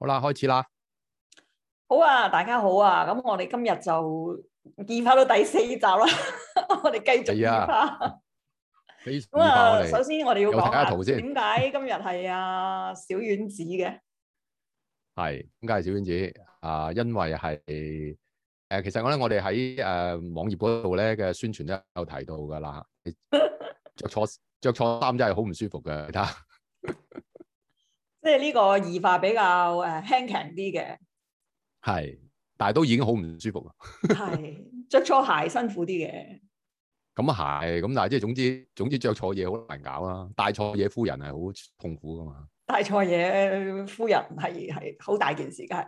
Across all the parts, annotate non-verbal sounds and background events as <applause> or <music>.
好啦，開始啦！好啊，大家好啊！咁我哋今日就見返到第四集啦， <laughs> 我哋繼續展開。咁啊，首先我哋要睇下，圖先！點解今日係阿小丸子嘅？係點解係小丸子啊？因為係誒、啊，其實我咧，我哋喺誒網頁嗰度咧嘅宣傳都有提到噶啦，着錯着錯衫真係好唔舒服嘅，睇下。即係呢個異化比較誒輕強啲嘅，係、啊，但係都已經好唔舒服啦。係 <laughs> 着錯鞋辛苦啲嘅。咁啊係，咁但係即係總之總之着錯嘢好難搞啦，戴錯嘢夫人係好痛苦噶嘛。戴錯嘢夫人係係好大件事㗎係。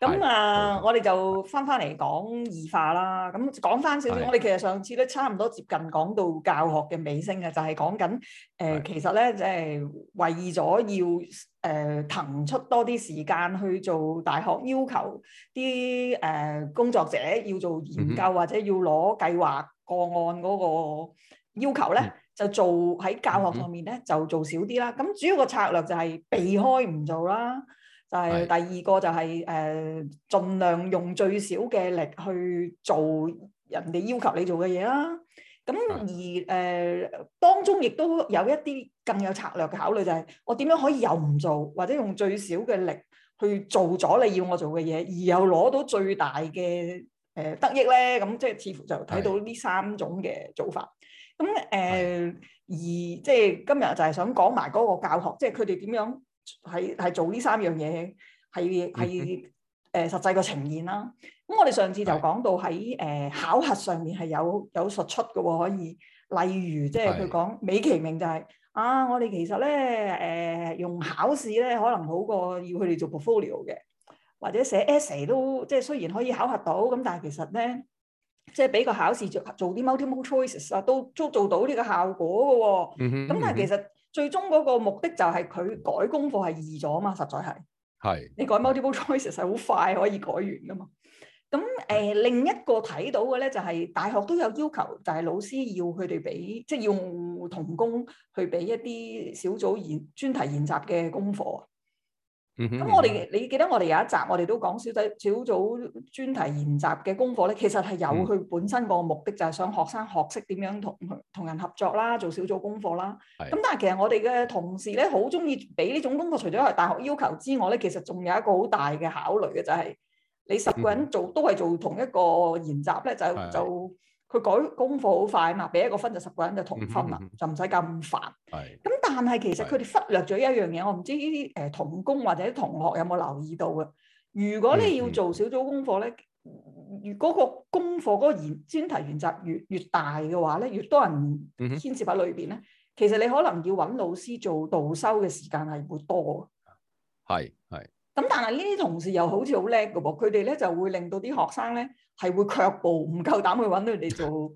咁、嗯、是啊，嗯、我哋就返返嚟講異化啦。咁講返少少，是我哋其實上次都差唔多接近講到教學嘅尾聲嘅，就係、是、講緊誒，呃、是其實咧即係為咗要誒、呃、騰出多啲時間去做大學要求啲誒、呃、工作者要做研究、嗯、哼或者要攞計劃個案嗰個要求咧，嗯、哼就做喺教學上面咧就做少啲啦。咁主要個策略就係避開唔做啦。就係第二個、就是，就係誒，盡量用最少嘅力去做人哋要求你做嘅嘢啦。咁而誒、呃，當中亦都有一啲更有策略嘅考慮，就係我點樣可以又唔做，或者用最少嘅力去做咗你要我做嘅嘢，而又攞到最大嘅誒、呃、得益咧？咁即係似乎就睇到呢三種嘅做法。咁誒的、呃，而即係今日就係想講埋嗰個教學，即係佢哋點樣。係係做呢三樣嘢，係係誒實際嘅呈現啦。咁我哋上次就講到喺誒是的、呃、考核上面係有有實出嘅喎、哦，可以例如即係佢講美其名就係、是、是的 啊，我哋其實咧誒、呃、用考試咧可能好過要佢哋做 portfolio 嘅，或者寫 essay 都即係雖然可以考核到，咁但係其實咧即係俾個考試做做啲 multiple choices 都都做到呢個效果嘅喎、哦。咁、嗯、哼但係其實。嗯最終嗰個目的就係佢改功課係易咗啊嘛，實在係。係是。你改 multiple choice 係好快可以改完㗎嘛。咁誒、呃、另一個睇到嘅咧就係、是、大學都有要求，就係老師要佢哋俾即係用同工去俾一啲小組研專題研習嘅功課。咁、嗯、我哋、嗯、哼你記得我哋有一集我哋都講小仔小組專題研習嘅功課咧，其實係有佢本身個目的，嗯、哼就係想學生學識點樣同同人合作啦，做小組功課啦。咁是的 但係其實我哋嘅同事咧，好中意俾呢種功課，除咗係大學要求之外咧，其實仲有一個好大嘅考慮嘅，就係你十個人做，嗯、哼都係做同一個研習咧，就就。是的 佢改功課好快啊嘛，俾一個分就十個人就同分啦，就唔使咁煩。咁是但係其實佢哋忽略咗一樣嘢，我唔知呢啲誒同工或者同學有冇留意到嘅。如果你要做小組功課咧，嗯、如果個功課嗰個研專題研習越越大嘅話咧，越多人牽涉喺裏邊咧，是其實你可能要揾老師做導修嘅時間係會多。係係。咁但係呢啲同事又好似好叻㗎噃，佢哋咧就會令到啲學生咧，係會卻步，唔夠膽去揾佢哋做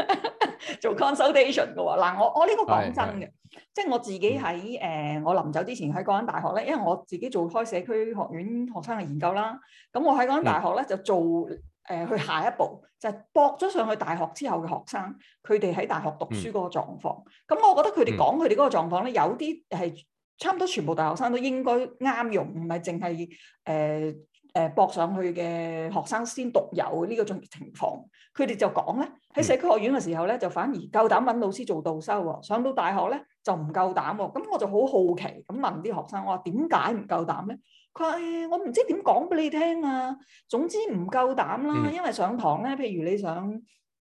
<laughs> 做 consultation 噶喎。嗱、啊，我我呢個講真嘅，即係我自己喺誒、嗯呃，我臨走之前喺嗰間大學咧，因為我自己做開社區學院學生嘅研究啦。咁我喺嗰間大學咧、嗯、就做誒、呃、去下一步，就係駁咗上去大學之後嘅學生，佢哋喺大學讀書嗰個狀況。咁、嗯嗯、我覺得佢哋講佢哋嗰個狀況咧，嗯、有啲係差唔多全部大學生都應該啱用，唔係淨係誒。呃誒、呃、搏上去嘅學生先獨有呢個種情況，佢哋就講咧喺社區學院嘅時候咧，就反而夠膽揾老師做導修喎、哦，上到大學咧就唔夠膽喎、哦。咁我就好好奇咁問啲學生，我話點解唔夠膽咧？佢話、哎、我唔知點講俾你聽啊，總之唔夠膽啦，因為上堂咧，譬如你上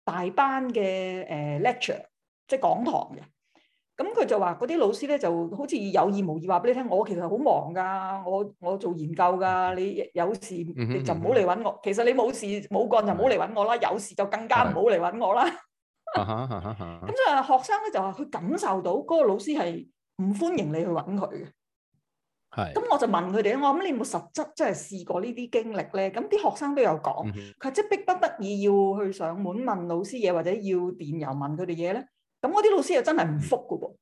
大班嘅誒、呃、lecture，即係講堂嘅。咁佢就話嗰啲老師咧，就好似有意無意話俾你聽，我其實好忙噶，我我做研究噶，你有事你就唔好嚟揾我。嗯嗯、其實你冇事冇幹就唔好嚟揾我啦，嗯、有事就更加唔好嚟揾我啦。咁所以學生咧就話佢感受到嗰個老師係唔歡迎你去揾佢嘅。係、嗯哼。咁我就問佢哋我諗你有冇實質即係試過呢啲經歷咧？咁啲學生都有講，佢即係迫不得已要去上門問老師嘢，或者要電郵問佢哋嘢咧。咁嗰啲老師又真係唔覆嘅噃，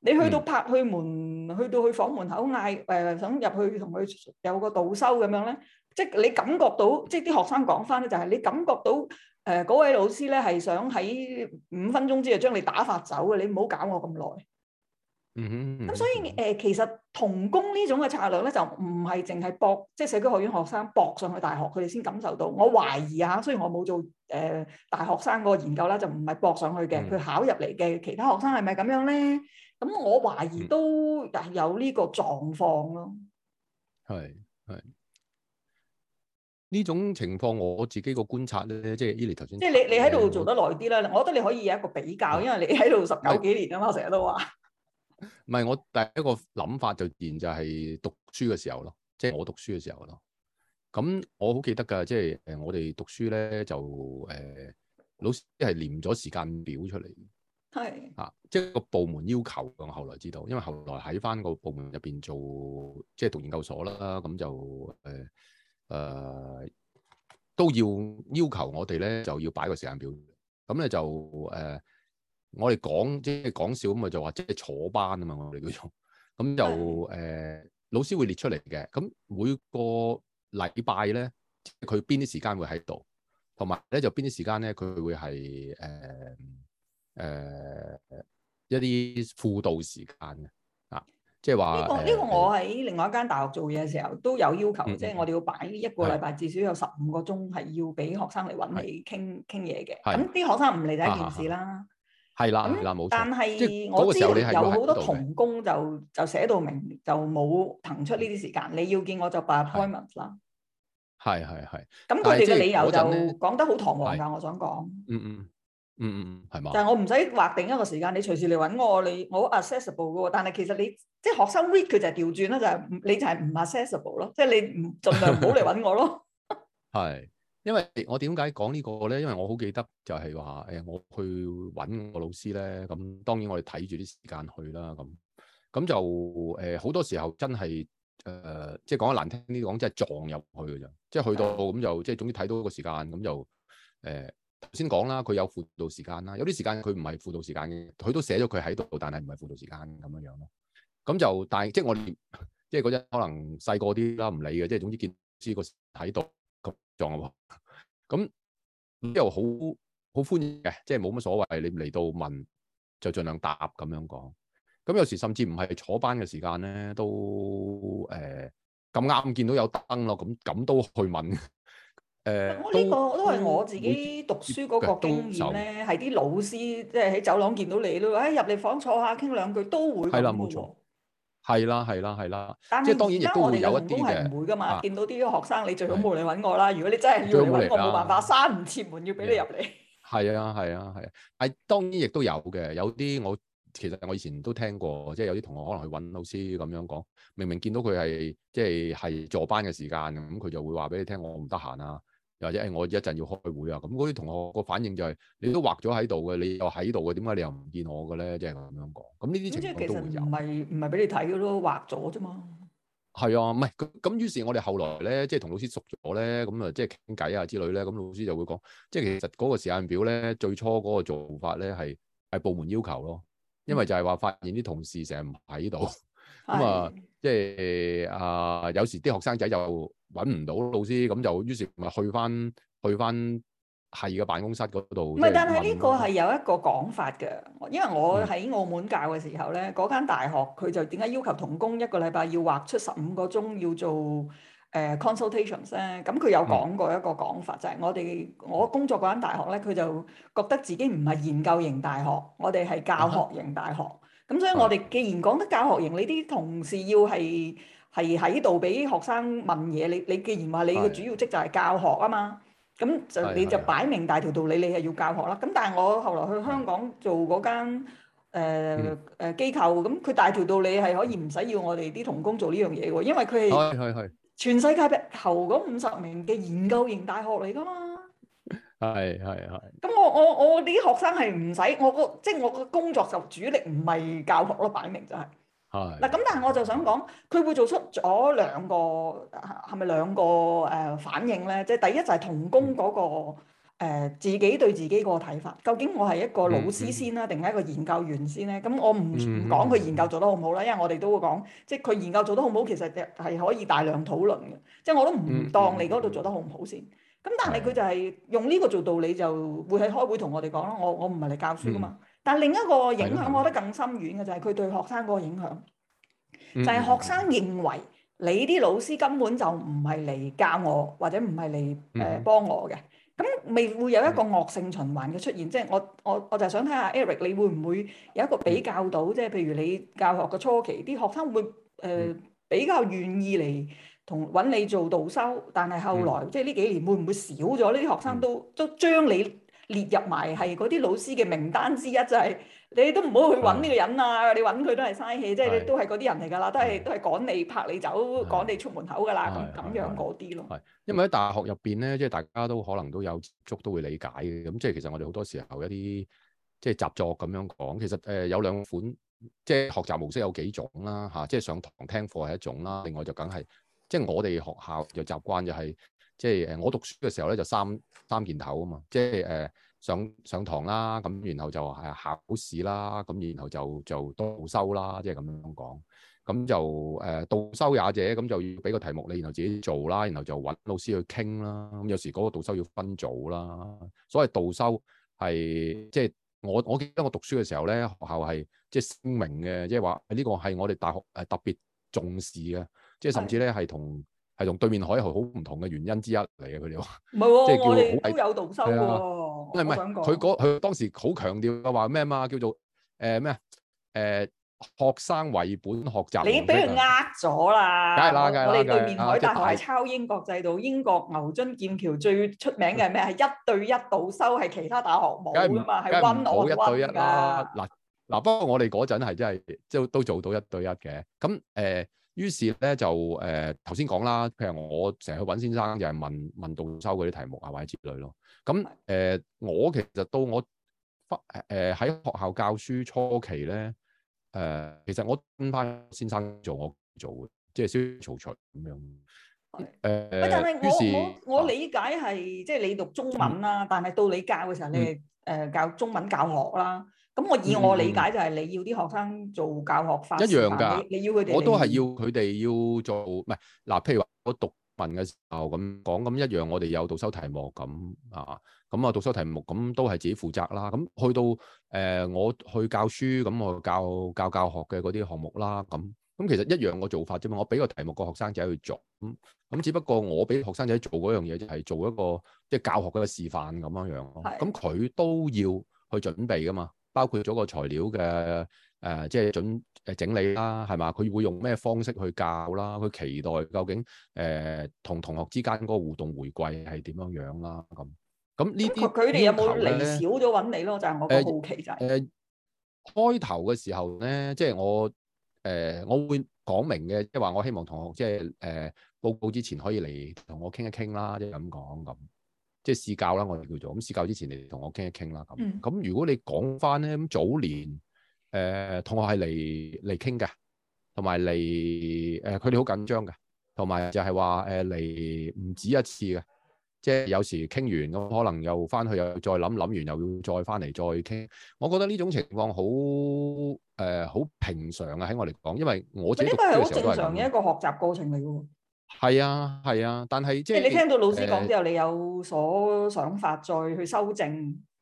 你去到拍去門，去到去房門口嗌誒、呃，想入去同佢有個導修咁樣咧，即係你感覺到，即係啲學生講返咧，就係、是、你感覺到誒嗰、呃、位老師咧係想喺五分鐘之內將你打發走嘅，你唔好搞我咁耐。嗯，咁、嗯、所以誒、呃，其實童工呢種嘅策略咧，就唔係淨係博，即、就、係、是、社區學院學生博上去大學，佢哋先感受到。我懷疑下，雖然我冇做誒、呃、大學生個研究啦，就唔係博上去嘅，佢考入嚟嘅。其他學生係咪咁樣咧？咁我懷疑都有呢個狀況咯。係係呢種情況，我自己個觀察咧，即係 Eli 頭先，即係你你喺度做得耐啲啦，我，我覺得你可以有一個比較，是因為你喺度十九幾年啊嘛，我成日都話。 <laughs> 唔係，我第一個諗法就自然就係讀書嘅時候咯，即係我讀書嘅時候咯。咁我好記得噶，即係誒，我哋讀書咧就誒，老師係念咗時間表出嚟，係啊，即係個部門要求。我後來知道，因為後來喺翻個部門入邊做，即係讀研究所啦，咁就誒誒都要要求我哋咧，就要擺個時間表。咁咧就誒。呃我哋講即係講笑咁啊，就是、話即係坐班啊嘛，我哋叫做咁就誒、呃、老師會列出嚟嘅。咁、嗯、每個禮拜咧，佢邊啲時間會喺度，同埋咧就邊啲時間咧，佢會係誒誒一啲輔導時間嘅啊，即係話呢個呢、呢個我喺另外一間大學做嘢嘅時候都有要求，嗯、即係我哋要擺一個禮拜的至少有十五個鐘係要俾學生嚟揾你傾傾嘢嘅。咁啲的的學生唔嚟第一件事啦。係啦，咁但係我知有好多同工就就寫到明，就冇騰出呢啲時間。你要見我就 by appointment 啦。係係係。咁佢哋嘅理由就講得好堂皇噶我想講。嗯嗯嗯嗯嗯，係嘛？但係我唔使劃定一個時間，你隨時嚟搵我，你我 accessible 噶但係其實你即係學生 read 佢就係調轉啦，就係你就係唔 accessible 咯。即係你唔盡量唔好嚟搵我咯。係。因為我點解講呢個咧？因為我好記得就係話誒，我去揾個老師咧。咁當然我哋睇住啲時間去啦。咁咁就誒好多時候真係誒，即係講得難聽啲講，真係撞入去嘅啫。即係去到咁就即係總之睇到個時間咁就頭先講啦。佢有輔導時間啦，有啲時間佢唔係輔導時間嘅，佢都寫咗佢喺度，但係唔係輔導時間咁樣樣咯。咁就但係即係我哋即係嗰陣可能細個啲啦，唔理嘅。即係總之見師哥喺度。撞喎，咁又好好歡迎嘅，即係冇乜所謂。你嚟到問就盡量答咁樣講。咁有時甚至唔係坐班嘅時間咧，都誒咁啱見到有燈咯，咁咁都去問。我呢個都係我自己讀書嗰個經驗咧，係啲走老師即係喺走廊見到你咯，喺入嚟房坐下傾兩句都會問。係啦，係啦，係啦，即係當然亦都會有一啲嘅唔會噶嘛。見到啲學生，你最好冇嚟揾我啦。如果你真係要嚟揾我，冇辦法，閂唔切門，要俾你入嚟。係啊，係啊，係啊，但係、啊、當然亦都有嘅，有啲我其實我以前都聽過，即係有啲同學可能去揾老師咁樣講，明明見到佢係即係係坐班嘅時間，咁佢就會話俾你聽，我唔得閒啊。或者誒，我一陣要開會啊，咁嗰啲同學個反應就係、是、你都畫咗喺度嘅，你又喺度嘅，點解你又唔見我嘅咧？即係咁樣講，咁呢啲情況都會有，唔係唔係俾你睇嘅咯，畫咗啫嘛。係啊，唔係咁咁。於是，我哋後來咧，即係同老師熟咗咧，咁啊，即係傾偈啊之類咧，咁老師就會講，即係其實嗰個時間表咧，最初嗰個做法咧係係部門要求咯，因為就係話發現啲同事成日唔喺度，咁啊、嗯，即係、就是、啊，有時啲學生仔又。揾唔到老師，咁就於是咪去返去返係嘅辦公室嗰度。唔係，但係呢個係有一個講法嘅，因為我喺澳門教嘅時候咧，嗰、嗯、間大學佢就點解要求同工一個禮拜要畫出十五個鐘要做誒 consultations 咧？咁、呃、佢有講過一個講法，嗯、就係我哋我工作嗰間大學咧，佢就覺得自己唔係研究型大學，我哋係教學型大學。咁、嗯、所以我哋既然講得教學型，你啲同事要係。係喺度俾學生問嘢，你你既然話你嘅主要職責係教學啊嘛，咁就你就擺明大條道理，你係要教學啦。咁但係我後來去香港做嗰間誒誒機構，咁佢大條道理係可以唔使要我哋啲童工做呢樣嘢喎，因為佢係全世界頭嗰五十名嘅研究型大學嚟㗎嘛。係係係。咁我我我啲學生係唔使我個，即係我個工作就主力唔係教學咯，擺明就係。嗱，咁但係我就想講，佢會做出咗兩個係咪兩個誒、呃、反應咧？即係第一就係童工嗰、那個、嗯呃、自己對自己個睇法，究竟我係一個老師先啦、啊，定係、嗯嗯、一個研究員先咧？咁我唔講佢研究做得好唔好啦，嗯嗯、因為我哋都會講，即係佢研究做得好唔好，其實係可以大量討論嘅。即係我都唔當你嗰度做得好唔好先。咁、嗯嗯、但係佢就係用呢個做道理，就會喺開會同我哋講咯。我我唔係嚟教書㗎嘛。嗯但另一個影響，我覺得更深遠嘅就係佢對學生嗰個影響，就係學生認為你啲老師根本就唔係嚟教我，或者唔係嚟誒幫我嘅，咁咪會有一個惡性循環嘅出現。即係我我我就想睇下 Eric，你會唔會有一個比較到，即係譬如你教學嘅初期，啲學生會誒比較願意嚟同揾你做導修，但係後來即係呢幾年會唔會少咗呢啲學生都都將你列入埋係嗰啲老師嘅名單之一，就係、是、你都唔好去揾呢個人啊！的你揾佢都係嘥氣，即係都係嗰啲人嚟噶啦，都係的都係趕你拍你走，的趕你出門口噶啦，咁咁的樣嗰啲咯。係的些，因為喺大學入邊咧，即、就、係、是、大家都可能都有接觸，都會理解嘅。咁即係其實我哋好多時候一啲即係習作咁樣講，其實誒有兩款，即、就、係、是、學習模式有幾種啦吓，即、就、係、是、上堂聽課係一種啦，另外就梗係即係我哋學校嘅習慣就係。即係誒，我讀書嘅時候咧就三三件頭啊嘛，即係誒、呃、上上堂啦，咁然後就係考試啦，咁然後就就導修啦，即係咁樣講，咁、嗯、就誒、呃、導修也者，咁就要俾個題目你，然後自己做啦，然後就揾老師去傾啦，咁、嗯、有時嗰個導修要分組啦，所謂導修係即係我我記得我讀書嘅時候咧，學校係即係聲明嘅，即係話呢個係我哋大學誒、呃、特別重視嘅，即係甚至咧係同。係同對面海豪好唔同嘅原因之一嚟嘅，佢哋話唔係即係我哋都有導修嘅。唔係唔係，佢佢當時好強調嘅話咩嘛？叫做誒咩啊？誒、欸欸、學生為本學習。你俾佢呃咗啦，梗係啦，梗係，我哋對面海大學係抄，抄英國制度，英國牛津劍橋最出名嘅係咩？係一對一導修，係其他大學冇㗎嘛，係温奧温啊一。嗱嗱，不過我哋嗰陣係真係即都做到一對一嘅。咁誒。 <laughs> 於是咧，就誒頭先講啦，譬如我成日去揾先生就，就係問問動修嗰啲題目啊，或者之類咯。咁、嗯、誒的、呃、我其實到我翻誒喺學校教書初期咧，誒、呃、其實我跟翻先生做我做嘅，即係少曹碎咁樣。誒、呃，是是於是我，我理解係即係你讀中文啦、啊，嗯、但係到你教嘅時候你，你誒、嗯呃、教中文教學啦。咁我以我理解就係你要啲學生做教學法一樣㗎、嗯，你你要佢哋我都係要佢哋要做，唔係嗱，譬如話我讀文嘅時候咁講咁一樣，我哋有讀修題目咁啊，咁啊讀修題目咁都係自己負責啦。咁去到誒、呃，我去教書咁，我教教教學嘅嗰啲項目啦。咁咁其實一樣個做法啫嘛。我俾個題目個學生仔去做咁咁，只不過我俾學生仔做嗰樣嘢就係、是、做一個即係、就是、教學嘅示範咁樣樣咁，佢都要去準備噶嘛。包括咗個材料嘅誒，即、呃、係、就是、準誒整理啦，係嘛？佢會用咩方式去教啦？佢期待究竟誒同、呃、同學之間嗰個互動回饋係點樣樣啦？咁咁呢啲佢哋有冇嚟少咗搵你咯？就係、是、我個好奇就係誒開頭嘅時候咧，即係我誒我會講明嘅，即係話我希望同學即係誒報告之前可以嚟同我傾一傾啦，即係咁講咁。即係試教啦，我哋叫做咁。試教之前你談談，你同我傾一傾啦。咁咁、嗯，如果你講翻咧，咁早年誒同學係嚟嚟傾嘅，同埋嚟誒，佢哋好緊張嘅，同埋就係話誒嚟唔止一次嘅，即係有時傾完咁，可能又翻去又再諗諗完，又要再翻嚟再傾。我覺得呢種情況好誒好平常啊，喺我嚟講，因為我自己讀書嘅時候都係。係啊，好正常嘅一個學習過程嚟嘅喎。係啊，係啊，但係即係你聽到老師講之後，呃、你有所想法再去修正。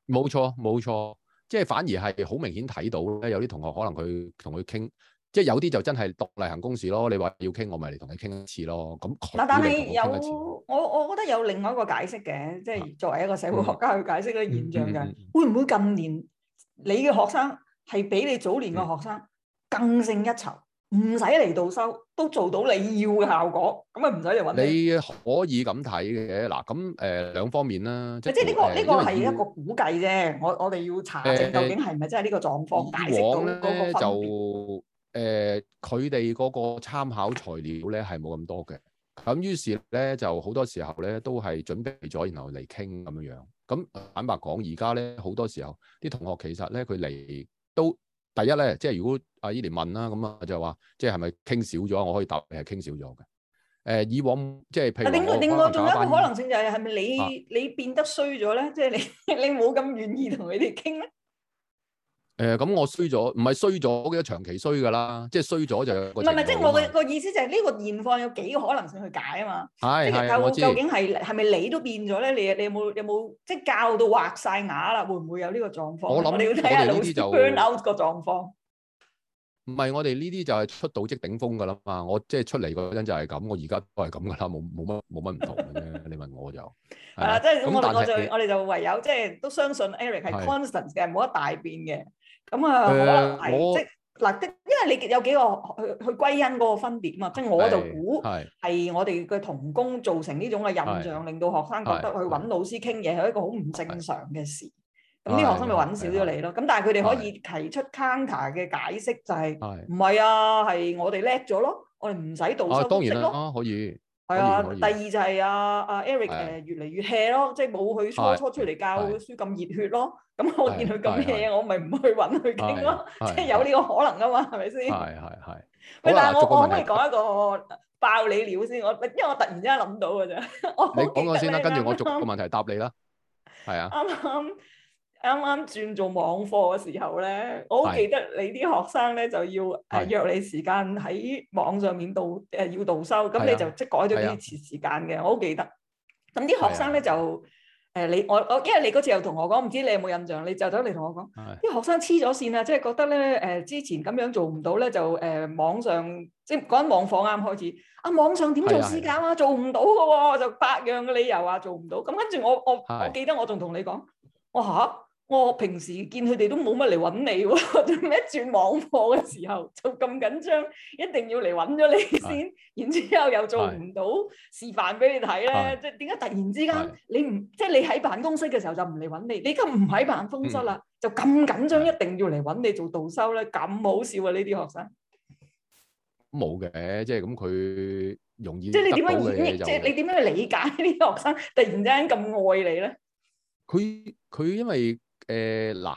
冇錯，冇錯，即係反而係好明顯睇到咧，有啲同學可能佢同佢傾，即係有啲就真係獨例行公事咯。你話要傾，我咪嚟同你傾一次咯。咁嗱，但係有我，我覺得有另外一個解釋嘅，即係作為一個社會學家去解釋個現象嘅，會唔會近年你嘅學生係比你早年嘅學生更勝一籌？唔使嚟導修，都做到你要嘅效果，咁咪唔使嚟揾你。你可以咁睇嘅嗱，咁誒、呃、兩方面啦，即係即係呢個呢、呃、個係一個估計啫。呃、我我哋要查證究竟係咪真係呢個狀況解釋到嗰個分別。以往咧、呃、就誒，佢哋嗰個參考材料咧係冇咁多嘅，咁於是咧就好多時候咧都係準備咗，然後嚟傾咁樣樣。咁坦白講，而家咧好多時候啲同學其實咧佢嚟都第一咧，即係如果。阿姨嚟問啦，咁啊就話，即係係咪傾少咗？我可以答，係傾少咗嘅。誒，以往即係譬如另外另外，仲有一個可能性就係係咪你你變得衰咗咧？即係你你冇咁願意同佢哋傾咧？誒，咁我衰咗，唔係衰咗，都長期衰噶啦。即係衰咗就唔係唔係，即係我個個意思就係呢個現況有幾個可能性去解啊嘛。係係我知。究竟係係咪你都變咗咧？你你有冇有冇即係教到滑晒牙啦？會唔會有呢個狀況？我諗你要睇下老師 turn out 個狀況。唔係，我哋呢啲就係出到即頂峰噶啦嘛。我即係出嚟嗰陣就係咁，我而家都係咁噶啦，冇冇乜冇乜唔同嘅啫。你問我就係啦，即係、啊就是、我就是我就我哋就唯有即係、就是、都相信 Eric 係 constant 嘅，冇得是大變嘅。咁啊，呃、可能係我即嗱，即因為你有幾個去去歸因嗰個分別啊嘛。即係是我就估係我哋嘅同工造成呢種嘅印象，令到是學生覺得去揾老師傾嘢係一個好唔正常嘅事。咁啲學生咪揾少咗你咯，咁但係佢哋可以提出 counter 嘅解釋，就係唔係啊？係我哋叻咗咯，我哋唔使動心聲咯。當然啦，可以。係啊，第二就係阿阿 Eric 誒越嚟越 hea 咯，即係冇佢初初出嚟教書咁熱血咯。咁我見佢咁 hea，我咪唔去揾佢傾咯。即係有呢個可能噶嘛，係咪先？係係係。但係我可唔可以講一個爆你料先？我因為我突然之間諗到噶啫。你講我先啦，跟住我逐個問題答你啦。係啊。啱啱。啱啱轉做網課嘅時候咧，我好記得你啲學生咧就要誒約你時間喺網上面度誒的要導修，咁你就即改咗呢次時間嘅，的我好記得。咁啲學生咧就誒的、呃、你我我，因為你嗰次又同我講，唔知你有冇印象？你就走嚟同我講，啲的學生黐咗線啊，即係覺得咧誒、呃、之前咁樣做唔到咧，就誒、呃、網上即係嗰陣網課啱啱開始，啊網上點做時間啊，的、哦、啊，做唔到嘅喎，就百樣嘅理由呀做唔到，咁跟住我我我，我記得我仲同你講，我、哦、嚇～、啊我平時見佢哋都冇乜嚟搵你喎、啊，做咩轉網課嘅時候就咁緊張，一定要嚟搵咗你先，是的 然之後又做唔到示範俾你睇咧？即係點解突然之間是的 你唔即係你喺辦公室嘅時候就唔嚟搵你，你今唔喺辦公室啦，嗯、就咁緊張一定要嚟搵你做導修咧？咁好笑啊！呢啲學生冇嘅，即係咁佢容易即係你點樣演繹？即係你點就樣去理解呢啲學生突然之間咁愛你咧？佢佢因為。誒嗱，誒、呃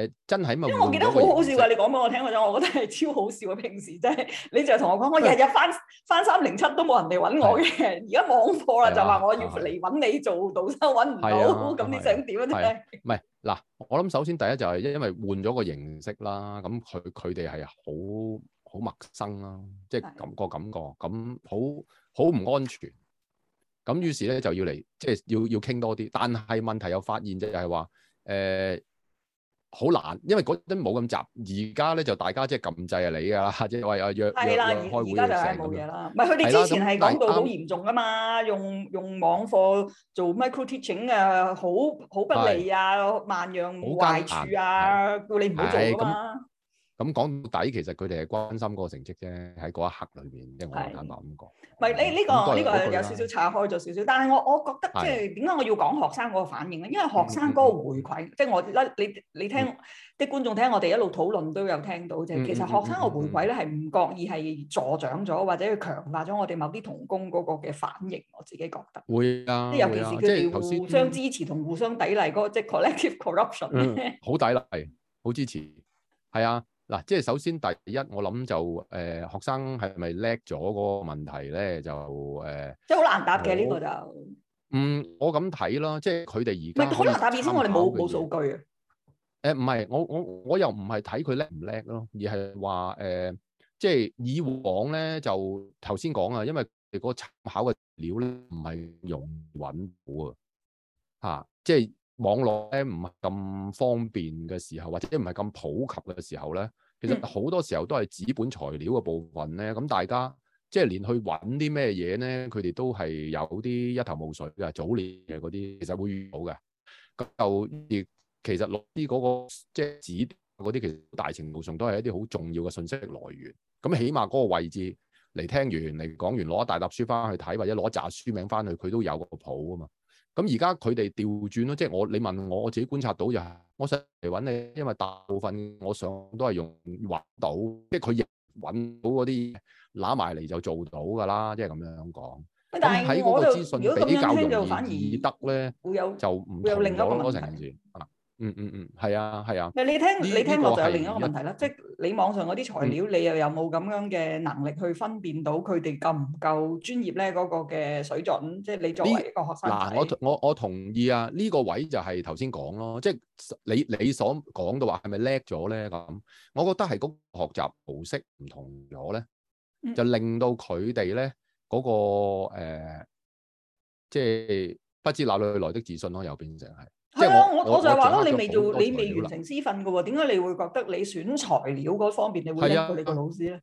呃、真係，因為我記得好好笑噶，你講俾我聽嗰種，我覺得係超好笑啊！平時真係，你就同我講，我日日翻的翻三零七都冇人嚟搵我嘅，而家的網課啦，的就話我要嚟搵你做導師的，搵唔到，咁你想點啊？真係唔係嗱，我諗首先第一就係因為換咗個形式啦，咁佢佢哋係好好陌生啦，即、就、係、是、感覺的個感覺咁好好唔安全，咁於是咧就要嚟即係要要傾多啲，但係問題有發現就係話。.誒好、呃、難，因為嗰陣冇咁雜，而家咧就大家即係撳掣係你㗎啦，即係話阿約約開會嘅冇嘢樣。唔係佢哋之前係講到好嚴重啊嘛，用用網課做 micro teaching 啊，好好不利啊，的萬樣壞處啊，叫的你唔好做啊嘛。咁講到底，其實佢哋係關心嗰個成績啫，喺嗰一刻裏邊，即係我簡單咁講。唔係呢呢個呢個有少少岔開咗少少，但係我我覺得即係點解我要講學生嗰個反應咧？因為學生嗰個回饋，即係我啦，你你聽啲觀眾聽我哋一路討論都有聽到，即係其實學生個回饋咧係唔覺意係助長咗，或者佢強化咗我哋某啲同工嗰個嘅反應。我自己覺得會啊，即係尤其是佢哋互相支持同互相抵賴嗰個，即係 collective corruption。好抵賴，好支持，係啊。嗱，即係首先第一，我諗就誒、呃、學生係咪叻咗嗰個問題咧？就誒，呃、即係好難答嘅呢我個就，嗯，我咁睇咯，即係佢哋而家，唔係可能打比先，我哋冇冇數據啊？誒，唔係，我我我又唔係睇佢叻唔叻咯，而係話誒，即係以往咧就頭先講啊，因為個參考嘅料咧唔係用穩固啊，吓，即係。網絡咧唔係咁方便嘅時候，或者唔係咁普及嘅時候咧，其實好多時候都係紙本材料嘅部分咧。咁大家即係連去揾啲咩嘢咧，佢哋都係有啲一，一頭霧水嘅。早年嘅嗰啲其實會遇到嘅。咁就亦其實攞啲嗰個即係紙嗰啲，其實好大程度上都係一啲好重要嘅信息來源。咁起碼嗰個位置嚟聽完嚟講完，攞一大沓書翻去睇，或者攞一紮書名翻去，佢都有個譜啊嘛。咁而家佢哋調轉咯，即係、就係、我你問我，我自己觀察到就係、係，我想嚟揾你，因為大部分我想都係用揾到，即係佢亦揾到嗰啲揦埋嚟就做到㗎啦，即係咁樣講。咁喺嗰個資訊比較容易易得咧，就唔就有另一成件事。嗯嗯嗯，係啊係啊。啊你聽個你聽落就有另一個問題啦，即係一你網上嗰啲材料，嗯、你又有冇咁樣嘅能力去分辨到佢哋夠唔夠專業咧？嗰、那個嘅水準，即、就、係、是、你作為一個學生。嗱、啊，我我我同意啊。呢、這個位就係頭先講咯，即、就、係、是、你你所講嘅話係咪叻咗咧？咁，我覺得係嗰學習模式唔同咗咧，嗯、就令到佢哋咧嗰個誒，即、呃、係、就是、不知哪裏來的自信咯，又變成係。係啊，我就我就係話咯，你未做，你未完成私訓㗎喎，點解你會覺得你選材料嗰方面你會叻過你個老師咧？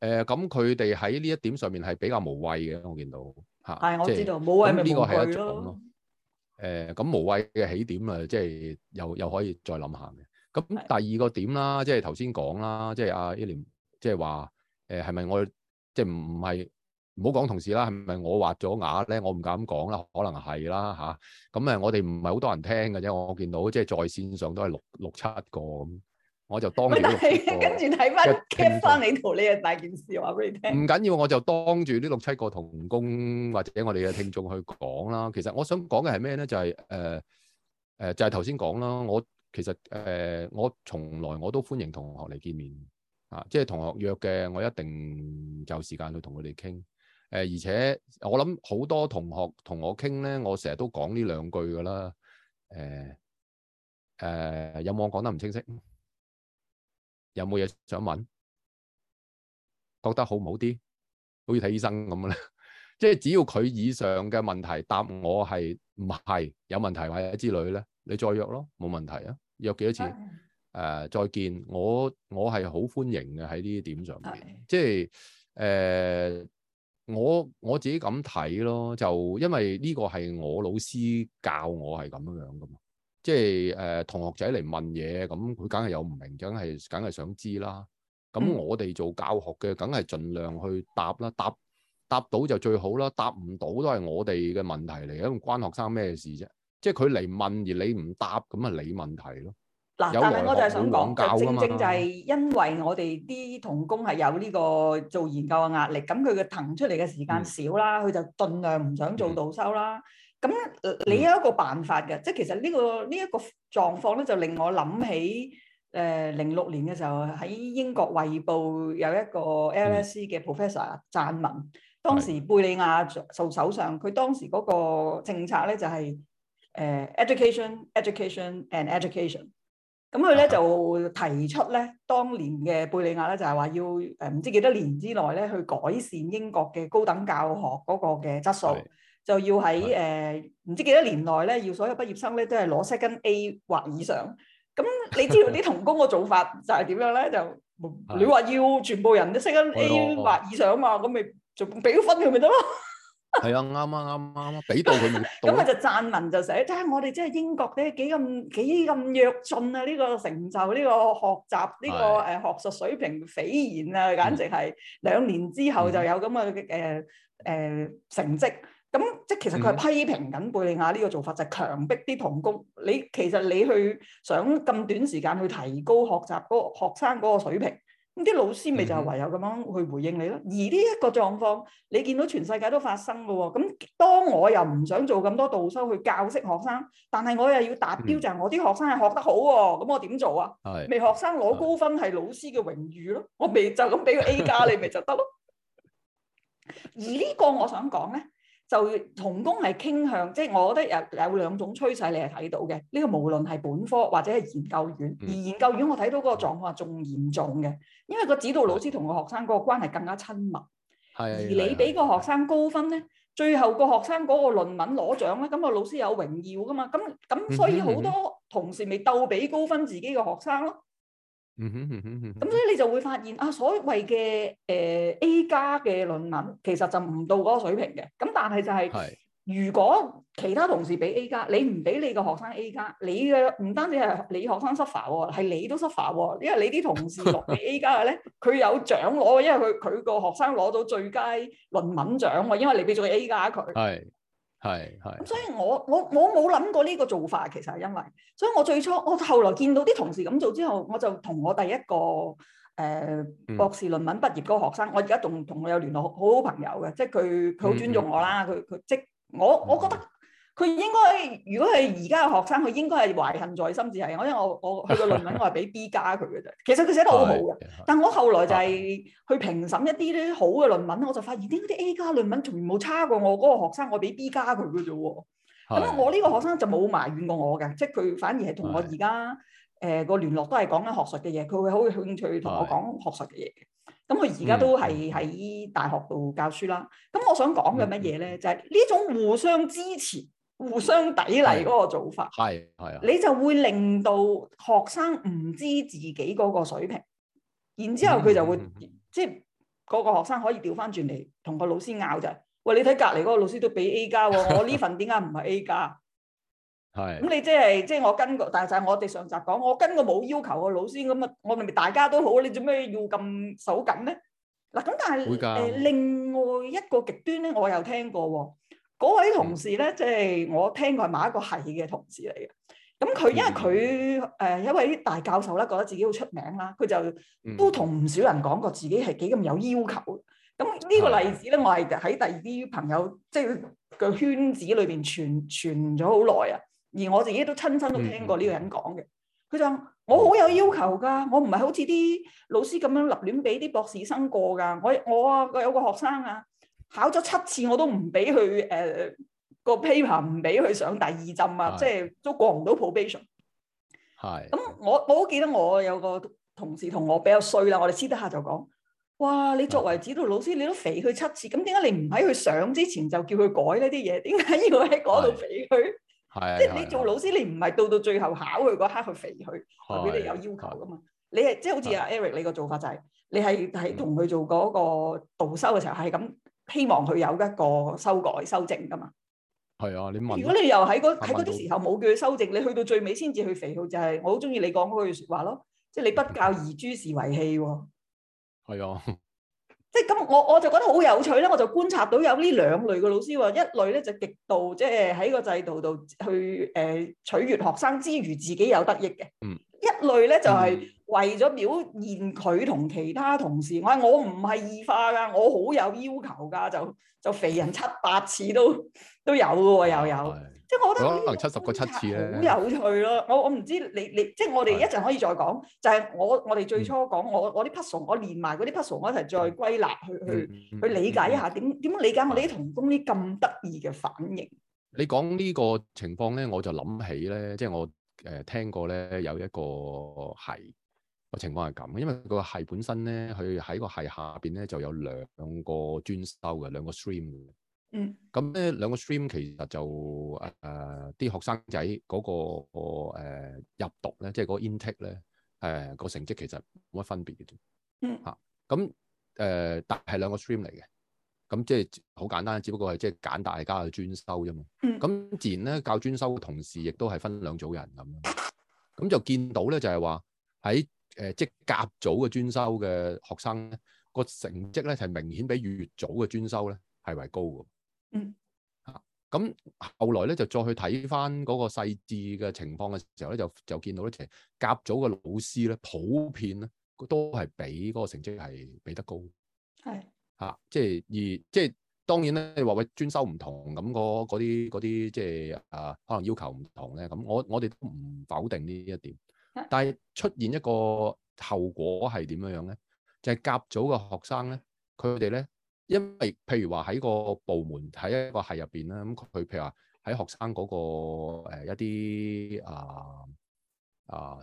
誒，咁佢哋喺呢一點上面係比較無畏嘅，我見到嚇。係、啊，我知道、就是、無畏咪無畏咯。誒，咁、呃、無畏嘅起點啊，即係又又可以再諗下嘅。咁第二個點啦，即係頭先講啦，即係阿 e l 即係話誒，係、呃、咪我即係唔係？唔好講同事啦，係咪我畫咗眼咧？我唔敢講啦，可能係啦吓。咁、啊、誒，我哋唔係好多人聽嘅啫。我見到即係在線上都係六六七個咁，我就當住係跟住睇翻 g e 翻你圖呢件大件事，話俾你聽。唔緊要，我就當住呢六七個同工或者我哋嘅聽眾去講啦。其實我想講嘅係咩咧？就係誒誒，就係頭先講啦。我其實誒、呃，我從來我都歡迎同學嚟見面啊。即係同學約嘅，我一定就時間去同佢哋傾。誒而且我諗好多同學同我傾咧，我成日都講呢兩句噶啦。誒、呃、誒、呃，有冇講得唔清晰？有冇嘢想問？覺得好唔好啲？好似睇醫生咁嘅咧。即係只要佢以上嘅問題答我係唔係有問題或者之類咧，你再約咯，冇問題啊。約幾多次？誒、啊呃、再見。我我係好歡迎嘅喺呢啲點上面，是即係誒。呃我我自己咁睇咯，就因為呢個係我老師教我係咁樣樣噶嘛，即係誒、呃、同學仔嚟問嘢，咁佢梗係有唔明，梗係梗係想知啦。咁我哋做教學嘅，梗係盡量去答啦，答答到就最好啦，答唔到都係我哋嘅問題嚟，咁關學生咩事啫？即係佢嚟問而你唔答，咁係你問題咯。但係我就係想講，正正就係因為我哋啲同工係有呢個做研究嘅壓力，咁佢嘅騰出嚟嘅時間少啦，佢、嗯、就盡量唔想做導修啦。咁、嗯、你有一個辦法嘅，嗯、即係其實呢、呢個呢一、呢個狀況咧，就令我諗起誒零六年嘅時候喺英國衛報有一個 LSE 嘅 professor、嗯、讚文，當時貝利亞做首相，佢當時嗰個政策咧就係、是、誒、呃、education，education and education。咁佢咧就提出咧，當年嘅貝利亞咧就係、是、話要誒唔、呃、知幾多年之內咧，去改善英國嘅高等教學嗰個嘅質素，是就要喺誒唔知幾多年內咧，要所有畢業生咧都係攞識跟 A 或以上。咁你知道啲童工嘅做法就係點樣咧？就是你話要全部人都識跟 A 或以上嘛，咁咪、嗯嗯、就俾分佢咪得咯？係啊，啱啱啱啱啊，俾到佢唔到。咁我 <laughs> 就讚文就寫，真係我哋即係英國咧幾咁幾咁躍進啊！呢、呢個成就，呢、呢個學習，呢、呢個誒學術水平斐然啊！簡直係兩年之後就有咁嘅誒誒成績。咁、嗯嗯、即係其實佢係批評緊貝利亞呢個做法，就係、係、強逼啲童工。你其實你去想咁短時間去提高學習嗰個學生嗰個水平。咁啲老師咪就係唯有咁樣去回應你咯，嗯、哼而呢一個狀況，你見到全世界都發生嘅喎。咁當我又唔想做咁多導修去教識學生，但係我又要達標，就係我啲學生係學得好喎、啊。咁我點做啊？係、嗯哼，咪學生攞高分係老師嘅榮譽咯。嗯、哼我咪就咁俾個 A 加你，咪就得咯。而呢個我想講咧。就同工係傾向，即係我覺得有有兩種趨勢，你係睇到嘅。呢個無論係本科或者係研究院，而研究院我睇到嗰個狀況仲嚴重嘅，因為個指導老師同個學生嗰個關係更加親密。係。而你俾個學生高分咧，最後個學生嗰個論文攞獎咧，咁個老師有榮耀噶嘛？咁咁所以好多同事咪鬥比高分自己嘅學生咯。嗯哼哼哼，咁所以你就會發現啊，所謂嘅誒、呃、A 加嘅論文，其實就唔到嗰個水平嘅。咁但係就係、是，是如果其他同事俾 A 加，你唔俾你個學生 A 加，你嘅唔單止係你學生 suffer，係、哦、你都 suffer、哦。因為你啲同事俾 A 加嘅咧，佢 <laughs> 有獎攞，因為佢佢個學生攞到最佳論文獎，因為你俾咗 A 加佢。係係，咁所以我我我冇諗過呢個做法，其實係因為，所以我最初我後來見到啲同事咁做之後，我就同我第一個誒、呃、博士論文畢業嗰個學生，嗯、我而家仲同佢有聯絡好，好好朋友嘅，即係佢佢好尊重我啦，佢佢、嗯嗯、即我、嗯、我覺得。佢應該，如果係而家嘅學生，佢應該係懷恨在心至係。我因為我我佢個論文我係俾 B 加佢嘅啫。其實佢寫得好好嘅， <laughs> 的但我後來就係去評審一啲咧好嘅論文，我就發現點解啲 A 加論文從來冇差過我嗰個學生，我俾 B 加佢嘅啫喎。咁的我呢個學生就冇埋怨過我嘅，即係佢反而係同我而家誒個聯絡都係講緊學術嘅嘢，佢會好興趣同我講學術嘅嘢。咁佢而家都係喺大學度教書啦。咁、嗯、我想講嘅乜嘢咧，就係、是、呢種互相支持。互相抵賴嗰個做法，係係啊，你就會令到學生唔知自己嗰個水平，然之後佢就會即係嗰個學生可以調翻轉嚟同個老師拗就係，喂你睇隔離嗰個老師都俾 A 加喎，我呢份點解唔係 A 加？係咁你即係即係我跟個，但係就係我哋上集講，我跟個冇要求嘅老師咁啊，我明明大家都好，你做咩要咁手緊呢？嗱咁但係誒另外一個極端咧，我又聽過喎。嗰位同事咧，即、就、係、是、我聽過係某一個係嘅同事嚟嘅。咁佢因為佢誒，因為、嗯呃、一位大教授咧覺得自己好出名啦，佢就都同唔少人講過自己係幾咁有要求。咁呢個例子咧，嗯、我係喺第二啲朋友即係個圈子裏邊傳傳咗好耐啊。而我自己都親身都聽過呢個人講嘅。佢、嗯、就我好有要求㗎，我唔係好似啲老師咁樣立亂俾啲博士生過㗎。我我啊，有個學生啊。考咗七次我都唔俾佢誒個 paper 唔俾佢上第二針啊！的即係都過唔到 probation。係的。咁、嗯、我我好記得我有個同事同我比較衰啦。我哋私底下就講，哇！你作為指導老師，你都肥佢七次，咁點解你唔喺佢上之前就叫佢改呢啲嘢？點解要喺嗰度肥佢？係啊，即係你做老師，你唔係到到最後考佢嗰刻去肥佢，佢哋有要求噶嘛？的你係即係好似阿 Eric 的你個做法就係、是，你係係同佢做嗰個導修嘅時候係咁。希望佢有一個修改修正㗎嘛？係啊，你問如果你又喺嗰喺啲時候冇叫佢修正，你去到最尾先至去肥，就係我好中意你講嗰句說話咯，即、就、係、是、你不教而誅是為棄喎。係是啊。 <laughs> 即係咁，我我就覺得好有趣咧，我就觀察到有呢兩類嘅老師喎，一類咧就極度即係喺個制度度去誒、呃、取悅學生之餘，自己有得益嘅。嗯，一類咧就係、是、為咗表現佢同其他同事，我係我唔係異化㗎，我好有要求㗎，就就肥人七八次都都有喎，又有，有。即係我覺得可能七十個七次咧，好有趣咯！我我唔知你你，即係我哋一陣可以再講。是就係我我哋最初講我我啲 person，我連埋嗰啲 person 我一齊再歸納去是去去理解一下點點樣，樣理解我哋啲同工啲咁得意嘅反應。你講呢個情況咧，我就諗起咧，即係我誒、呃、聽過咧有一個係個情況係咁，因為個係本身咧，佢喺個係下邊咧就有兩個專修嘅兩個 stream。嗯，咁咧兩個 stream 其實就誒啲、呃、學生仔嗰、嗰個誒、呃、入讀咧，即係嗰個 intake 咧，誒、呃、個成績其實冇乜分別嘅啫。嗯，吓咁誒，係兩、呃、個 stream 嚟嘅，咁即係好簡單，只不過係即係揀大家嘅專修啫嘛。嗯，咁自然咧教專修嘅同事亦都係分兩組人咁，咁就見到咧就係話喺誒即係甲組嘅專修嘅學生咧、嗰個成績咧係明顯比乙組嘅專修咧係為高嘅。嗯，啊，咁後來咧就再去睇翻嗰個細致嘅情況嘅時候咧，就就見到咧，其實甲組嘅老師咧，普遍咧都係比嗰個成績係比得高，係是，啊，即係而即係當然咧，你話喂專修唔同咁，嗰啲嗰啲即係啊，可能要求唔同咧，咁我我哋都唔否定呢一點，啊、但係出現一個後果係點樣樣咧？就係、是、甲組嘅學生咧，佢哋咧。因為譬如話喺個部門喺一個系入邊啦，咁佢譬如話喺學生嗰個一啲啊啊，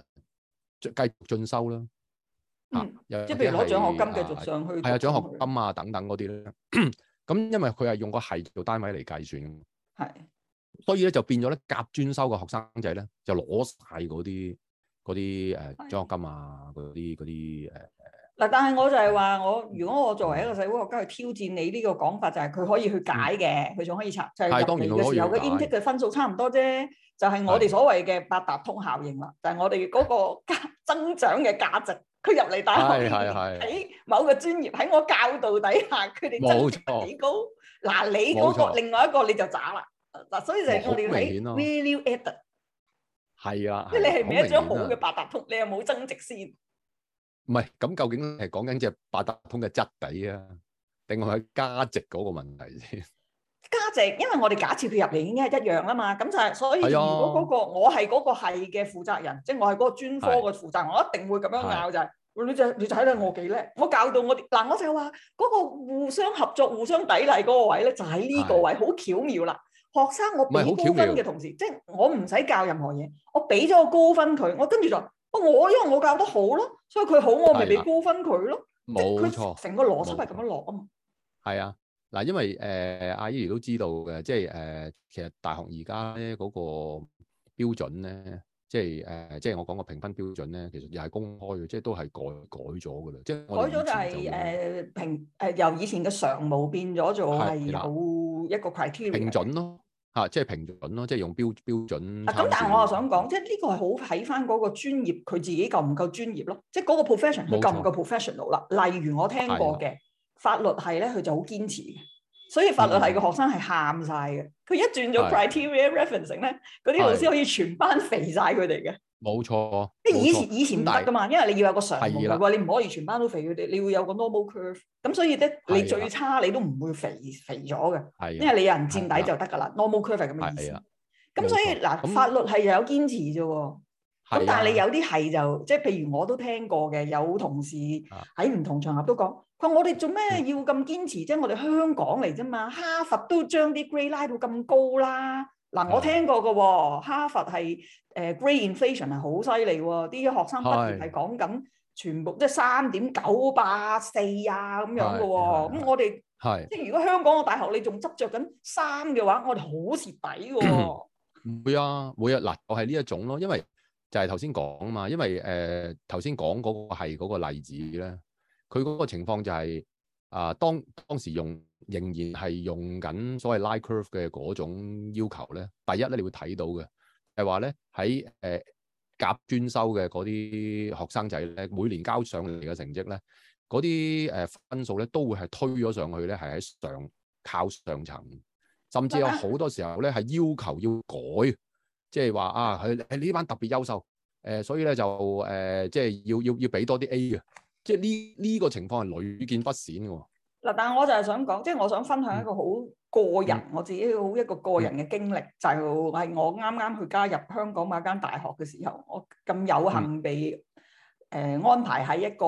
繼續進修啦，啊，即、啊、係、啊嗯、譬如攞獎學金繼續上去，係啊，獎學、啊、金啊等等嗰啲咧。咁的因為佢係用個系做單位嚟計算，係的，所以咧就變咗咧夾專修嘅學生仔咧就攞晒嗰啲嗰啲誒獎學金啊，嗰啲嗰啲誒。的嗱，但係我就係話，我如果我作為一個社會學家去挑戰你呢個講法，就係佢可以去解嘅，佢仲可以拆，就係入嚟嘅時候嘅 intake 嘅分數差唔多啫，就係我哋所謂嘅八達通效應啦。就係我哋嗰個增增長嘅價值，佢入嚟大學喺某個專業喺我教導底下，佢哋增值幾高。嗱，你嗰個另外一個你就渣啦。嗱，所以就係我哋嘅 value added。係啊。即係你係唔係一張好嘅八達通？你有冇增值先。唔係，咁究竟係講緊隻八達通嘅質地啊，定係價值嗰個問題先？價值，因為我哋假設佢入嚟已經係一樣啊嘛，咁就係所以如果嗰個我係嗰個系嘅負責人，即係我係嗰個專科嘅負責人，我一定會咁樣拗就係，你就你睇睇我幾叻，我教到我嗱，我就話嗰個互相合作、互相砥礪嗰個位咧，就喺呢個位，好巧妙啦！學生我俾高分嘅同時，即係我唔使教任何嘢，我俾咗個高分佢，我跟住就。我我因為我教得好咯，所以佢好我咪俾高分佢咯。冇錯的，成個邏輯係咁樣落啊嘛。係啊，嗱，因為誒、呃、阿姨都知道嘅，即係誒、呃、其實大學而家咧嗰個標準咧，即係誒、呃、即係我講個評分標準咧，其實又係公開嘅，即係都係改改咗㗎喇。即係改咗就係誒評誒由以前嘅常模變咗做係有一個 criteria 評準咯。啊，即係評準咯，即係用標標準。咁、啊、但係我又想講，即係呢個係好睇翻嗰個專業，佢自己夠唔夠專業咯？即係嗰個 professional，prof 佢夠唔夠錯 professional 啦？例如我聽過嘅的法律系咧，佢就好堅持嘅，所以法律系嘅學生係喊晒嘅。佢、嗯、一轉咗 criteria referencing 咧的，嗰啲老師可以全班肥晒佢哋嘅。冇錯，即以前以前唔得噶嘛，因為你要有個常模嘅話，你唔可以全班都肥佢哋，你會有個 normal curve，咁所以咧你最差你都唔會肥肥咗嘅，因為你有人占底就得噶啦，normal curve 係咁嘅意思。咁所以嗱，法律系有堅持啫，咁但係你有啲係就即係，譬如我都聽過嘅，有同事喺唔同場合都講，話我哋做咩要咁堅持？即係我哋香港嚟啫嘛，哈佛都將啲 grade 拉到咁高啦。嗱、啊，我聽過嘅喎、哦，哈佛係誒、呃、grade inflation 係好犀利喎，啲學生不斷係講緊全部是即係三點九八四啊咁樣嘅喎、哦，咁、嗯、我哋是即係如果香港嘅大學你仲執着緊三嘅話，我哋好蝕底嘅喎。會啊，唔會啊，嗱，我係呢一種咯，因為就係頭先講啊嘛，因為誒頭先講嗰個係嗰個例子咧，佢嗰個情況就係、是、啊當當時用。仍然係用緊所謂 light curve 嘅嗰種要求咧。第一咧，你會睇到嘅係話咧，喺誒、呃、甲專修嘅嗰啲學生仔咧，每年交上嚟嘅成績咧，嗰啲誒分數咧都會係推咗上去咧，係喺上靠上層，甚至有好多時候咧係要求要改，即係話啊，係係呢班特別優秀誒、呃，所以咧就誒即係要要要俾多啲 A 嘅，即係呢呢個情況係屢見不鮮嘅、哦。嗱，但係我就係想講，即係我想分享一個好個人，嗯、我自己好一個個人嘅經歷，嗯、就係我啱啱去加入香港某間大學嘅時候，我咁有幸被誒、嗯呃、安排喺一個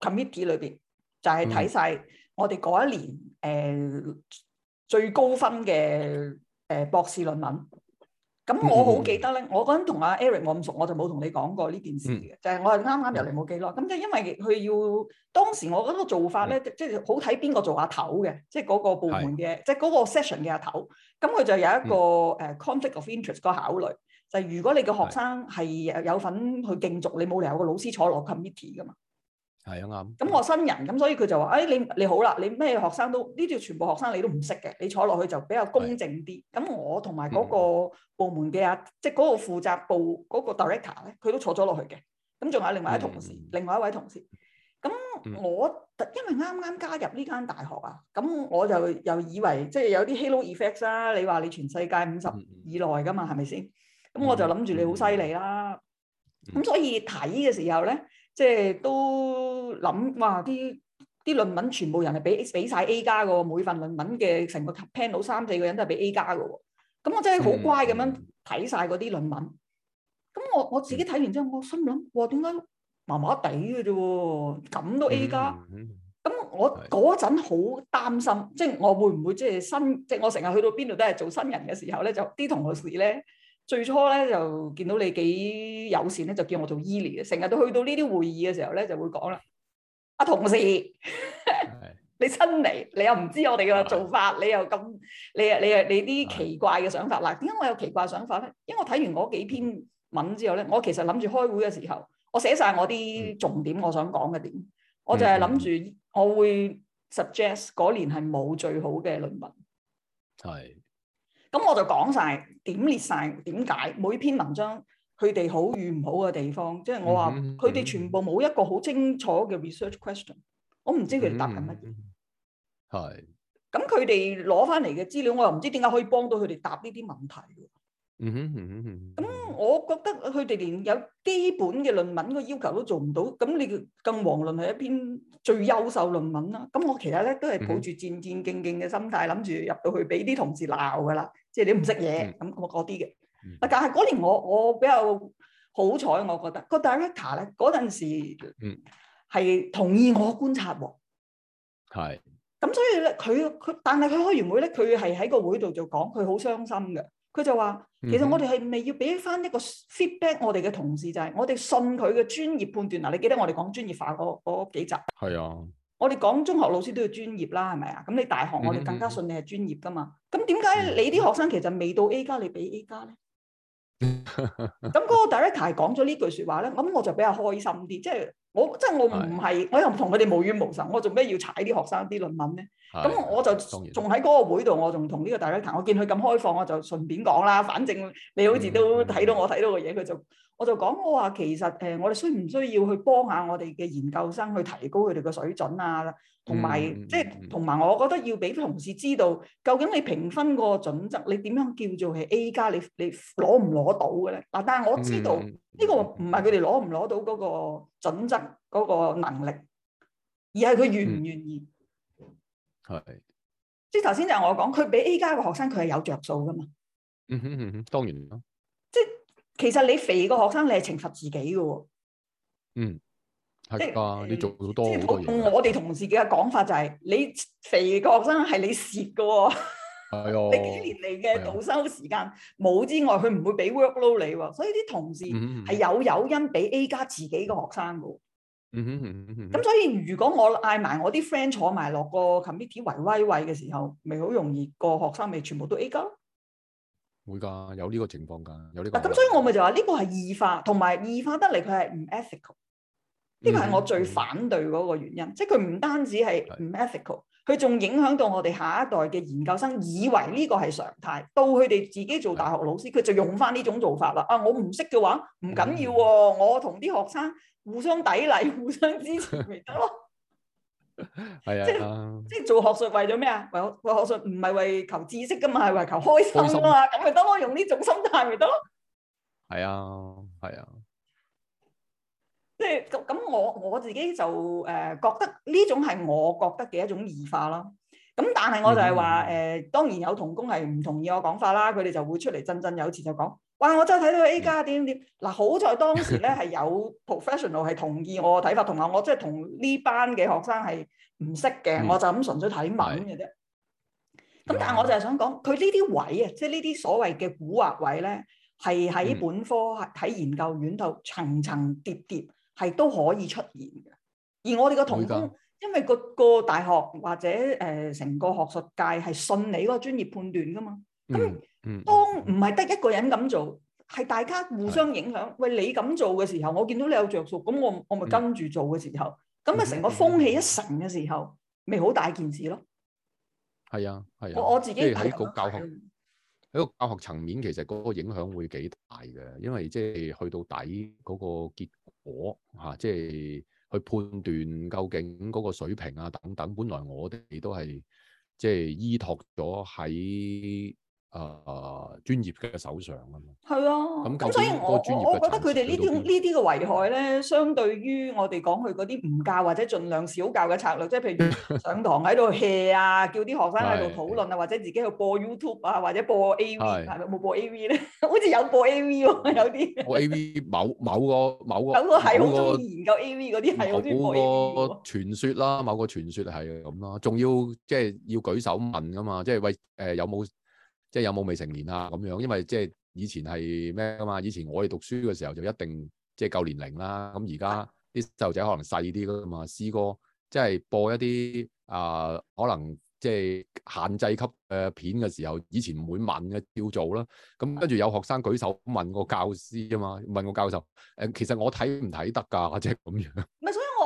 committee 裏邊，就係睇晒我哋嗰一年誒、呃、最高分嘅誒、呃、博士論文。咁、嗯、我好記得咧，嗯、我嗰陣同阿 Eric 我唔熟，我就冇同你講過呢件事嘅，嗯、就係我係啱啱入嚟冇幾耐。咁即係因為佢要當時我嗰個做法咧，即係、嗯、好睇邊個做下頭嘅，即係嗰個部門嘅，即係嗰個 session 嘅阿頭。咁佢就有一個誒 conflict of interest 個考慮，嗯、就係如果你嘅學生係有份去競逐，是你冇理由個老師坐落 committee 噶嘛。係都咁我新人，咁所以佢就話，哎，你你好啦，你咩學生都呢啲全部學生你都唔識嘅，你坐落去就比較公正啲。咁是我同埋嗰個部門嘅阿，嗯、即係嗰個負責部嗰、嗰個 director 咧，佢都坐咗落去嘅。咁仲有另外一同事，嗯、另外一位同事。咁我因為啱啱加入呢間大學啊，咁我就又以為即係有啲 Halo effect 啦、啊。你話你全世界五十以內噶嘛，係咪先？咁我就諗住你好犀利啦。咁所以睇嘅時候咧，即係都。諗哇！啲啲論文全部人係俾俾曬 A 加嘅，每份論文嘅成個 panel 三四個人都係俾 A 加嘅喎。咁、嗯嗯、我真係好乖咁樣睇晒嗰啲論文。咁、嗯、我我自己睇完之後，我心諗：哇，點解麻麻地嘅啫？咁都 A 加。咁、嗯嗯嗯、我嗰陣好擔心，即係的我會唔會即係新？即、就、係、是、我成日去到邊度都係做新人嘅時候咧，就啲同學士咧，最初咧就見到你幾友善咧，就叫我做 Eli 成日都去到呢啲會議嘅時候咧，就會講啦。阿同事， <laughs> 你新嚟，你又唔知我哋嘅做法，的你又咁，你啊，你啊，你啲奇怪嘅想法啦。點解的我有奇怪想法咧？因為我睇完嗰幾篇文之後咧，我其實諗住開會嘅時候，我寫晒我啲重點，我想講嘅點，我就係諗住我會 suggest 嗰年係冇最好嘅論文。係的。咁我就講晒點列晒，點解每篇文章。佢哋好與唔好嘅地方，即係我話佢哋全部冇一個好清楚嘅 research question，我唔知佢哋答緊乜嘢。係。嗯。咁佢哋攞翻嚟嘅資料，我又唔知點解可以幫到佢哋答呢啲問題。嗯哼哼哼。咁，嗯嗯嗯，我覺得佢哋連有基本嘅論文嘅要求都做唔到，咁你更遑論係一篇最優秀論文啦、啊。咁我其實咧都係抱住戰戰兢兢嘅心態，諗住入到去俾啲同事鬧㗎啦。即係你唔識嘢，咁咁我嗰啲嘅。啊！嗯、但係嗰年我我比較好彩，我覺得個 director 咧嗰陣時，係同意我觀察喎、哦，咁係，所以咧佢佢，但係佢開完會咧，佢係喺個會度就講佢好傷心嘅。佢就話其實我哋係咪要俾翻一個 feedback，我哋嘅同事就係、係、我哋信佢嘅專業判斷嗱、啊。你記得我哋講專業化嗰幾集係啊，我哋講中學老師都要專業啦，係咪啊？咁你大學我哋更加信你係專業㗎嘛？咁點解你啲學生其實未到 A 加你俾 A 加咧？呢咁嗰 <laughs> 個 director 講咗呢句說話咧，咁我就比較開心啲，即、就、係、是、我即係、就是、我唔係是的 我又唔同佢哋無冤無仇，我做咩要踩啲學生啲論文咧？咁、嗯、我就仲喺嗰個會度，我仲同呢個大家談。我見佢咁開放，我就順便講啦。反正你好似都睇到我睇、嗯、到嘅嘢，佢就我就講我話其實誒，我哋需唔需要去幫下我哋嘅研究生去提高佢哋嘅水準啊？同埋即係同埋，嗯、我覺得要俾同事知道，究竟你評分個準則，你點樣叫做係 A 加？你你攞唔攞到嘅咧？嗱，但係我知道呢個唔係佢哋攞唔攞到嗰個準則嗰個能力，而係佢願唔願意、嗯。嗯係，即係頭先就我講，佢俾 A 加個學生，佢係有着數噶嘛。嗯嗯嗯嗯，當然咯。即係其實你肥個學生，你係懲罰自己噶、哦。嗯，係啊，你，你做好多嘢。我哋同事嘅講法就係、是，你肥個學生係你蝕噶、哦。係的 <laughs> 你幾年嚟嘅導修時間冇的之外，佢唔會俾 work load 你、哦，所以啲同事係有誘因俾 A 加自己個學生噶。嗯哼嗯哼，咁所以如果我嗌埋我啲 friend 坐埋落個 committee 委威位嘅時候，咪好容易個學生咪全部都 A 加咯，會噶有呢個情況噶，有呢個咁所以我咪就話呢個係異化，同埋異化得嚟佢係唔 ethical，呢個係我最反對嗰個原因，嗯嗯、即係佢唔單止係唔 ethical，佢仲是影響到我哋下一代嘅研究生以為呢個係常態，到佢哋自己做大學老師，佢是就用翻呢種做法啦。啊，我唔識嘅話唔緊要喎，嗯、哼我同啲學生。互相砥礪，互相支持，咪得咯。係啊，即係做學術為咗咩啊？為學為學術唔係為求知識㗎嘛，係為求開心噶嘛。咁咪得咯，用呢種心態咪得咯。係啊，係啊。即係咁，咁我我自己就誒、呃、覺得呢種係我覺得嘅一種異化咯。咁但係我就係話誒，當然有同工係唔同意我講法啦，佢哋就會出嚟振振有詞就講。啊！我真係睇到 A 加點點嗱，嗯、好在當時咧係有 professional 係同意我嘅睇法， <laughs> 同埋我即係同呢班嘅學生係唔識嘅，嗯、我就咁純粹睇文嘅啫。咁、嗯、但係我就係想講，佢呢啲位啊，即係呢啲所謂嘅蠱惑位咧，係喺本科、喺、嗯、研究院度層層疊疊，係都可以出現嘅。而我哋個同工，嗯、因為個個大學或者誒成、呃、個學術界係信你嗰個專業判斷㗎嘛。嗯嗯嗯、當唔係得一個人咁做，係大家互相影響。的喂，你咁做嘅時候，我見到你有着數，咁我我咪跟住做嘅時候，咁咪成個風氣一成嘅時候，咪好、嗯嗯、大件事咯。係啊，係啊。我自己喺個教學喺個教學層面，其實嗰個影響會幾大嘅，因為即係去到底嗰個結果吓，即係去判斷究竟嗰個水平啊等等。本來我哋都係即係依託咗喺。啊！專業嘅手上啊嘛，係啊，咁咁，所以我我我覺得佢哋呢啲呢啲嘅危害咧，嗯、相對於我哋講佢嗰啲唔教或者儘量少教嘅策略，即係譬如上堂喺度 hea 啊， <laughs> 叫啲學生喺度討論啊，的或者自己去播 YouTube 啊，或者播 AV，冇的的播 AV 咧， <laughs> 好似有播 AV 喎、啊，有啲。播 AV 某某個某個，有個係好中意研究 AV 嗰啲，係好中意播。某個，某個傳說啦，某個傳說係咁咯，仲要即係要舉手問噶嘛，即、就、係、是、喂，誒、呃、有冇？即係有冇未成年啊咁樣，因為即係以前係咩㗎嘛？以前我哋讀書嘅時候就一定即係夠年齡啦。咁而家啲細路仔可能細啲㗎嘛。師哥即係播一啲啊、呃，可能即係限制級嘅片嘅時候，以前唔會問嘅，叫做啦。咁跟住有學生舉手問個教師吖嘛，問個教授誒、呃，其實我睇唔睇得㗎？或者係咁樣。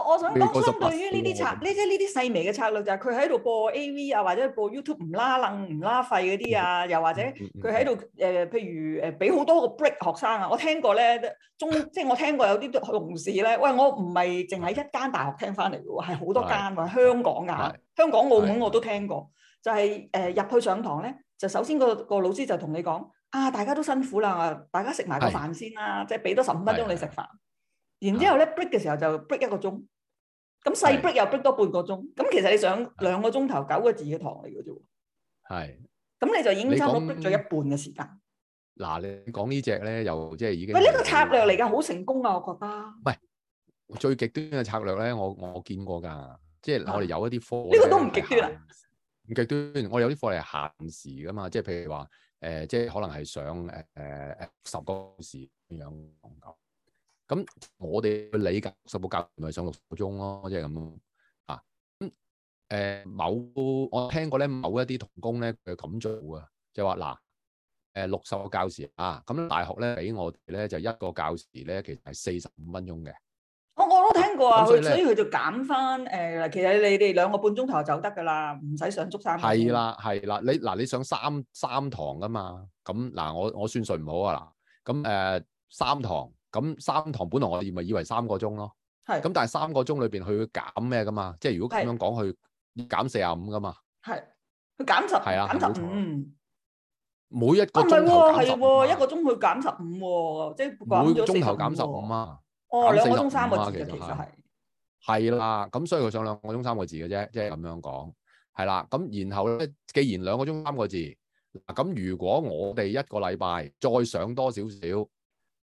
我想講相對於呢啲策，呢啲呢啲細微嘅策略就係佢喺度播 A.V. 啊，或者播 YouTube 唔拉楞唔拉廢嗰啲啊，又或者佢喺度誒，譬如誒俾好多個 break 學生啊，我聽過咧，中 <laughs> 即係我聽過有啲同事咧，喂，我唔係淨係一間大學聽翻嚟喎，係好多間喎是、啊，香港啊，是香港澳門我都聽過，是就係誒入去上堂咧，就首先、嗰個、嗰個老師就同你講啊，大家都辛苦啦，大家食埋個飯先啦，即係俾多十五分鐘你食飯，然之後咧 break 嘅時候就 break 一個鐘。咁細逼又逼多半個鐘，咁其實你想兩個鐘頭九個字嘅堂嚟嘅啫喎。係是。咁你就已經差唔多逼咗說一半嘅時間。嗱，你講呢隻咧，又即係已經。喂，呢個策略嚟㗎，好成功啊！我覺得。唔係最極端嘅策略咧，我我見過㗎，即、就、係、是、我哋有一啲科。呢、啊、限個都唔極端。唔極端，我哋有啲科係限時㗎嘛，即、就、係、是、譬如話誒，即、呃、係、就是、可能係上誒誒十個小時咁樣。咁我哋去理解六十個教時咪上六個鐘咯，即係咁啊！咁誒，某我聽過咧，某一啲同工咧佢咁做啊，即係話嗱誒，六十個教時啊，咁大學咧俾我哋咧就一個教時咧，其實係四十五分鐘嘅。我我都聽過啊，所以佢就減翻誒，其實你哋兩個半鐘頭就得噶啦，唔使上足三。係啦，係啦，你嗱，你上三三堂噶嘛？咁嗱，我我算數唔好啊嗱。咁誒，三堂。咁三堂本來我哋咪以為三個鐘咯，係咁是但係三個鐘裏邊佢會減咩噶嘛？即係如果咁樣講是，佢減四十五噶嘛？係佢減十，減、啊、十五。每一個唔係喎，係喎，一個鐘佢減十五喎，即係每個鐘頭減十五啊。哦，兩、啊哦、個鐘三個字、啊、其實係係啦，咁、啊、所以佢上兩個鐘三個字嘅啫，即係咁樣講係啦。咁、啊、然後咧，既然兩個鐘三個字，嗱咁如果我哋一個禮拜再上多少少？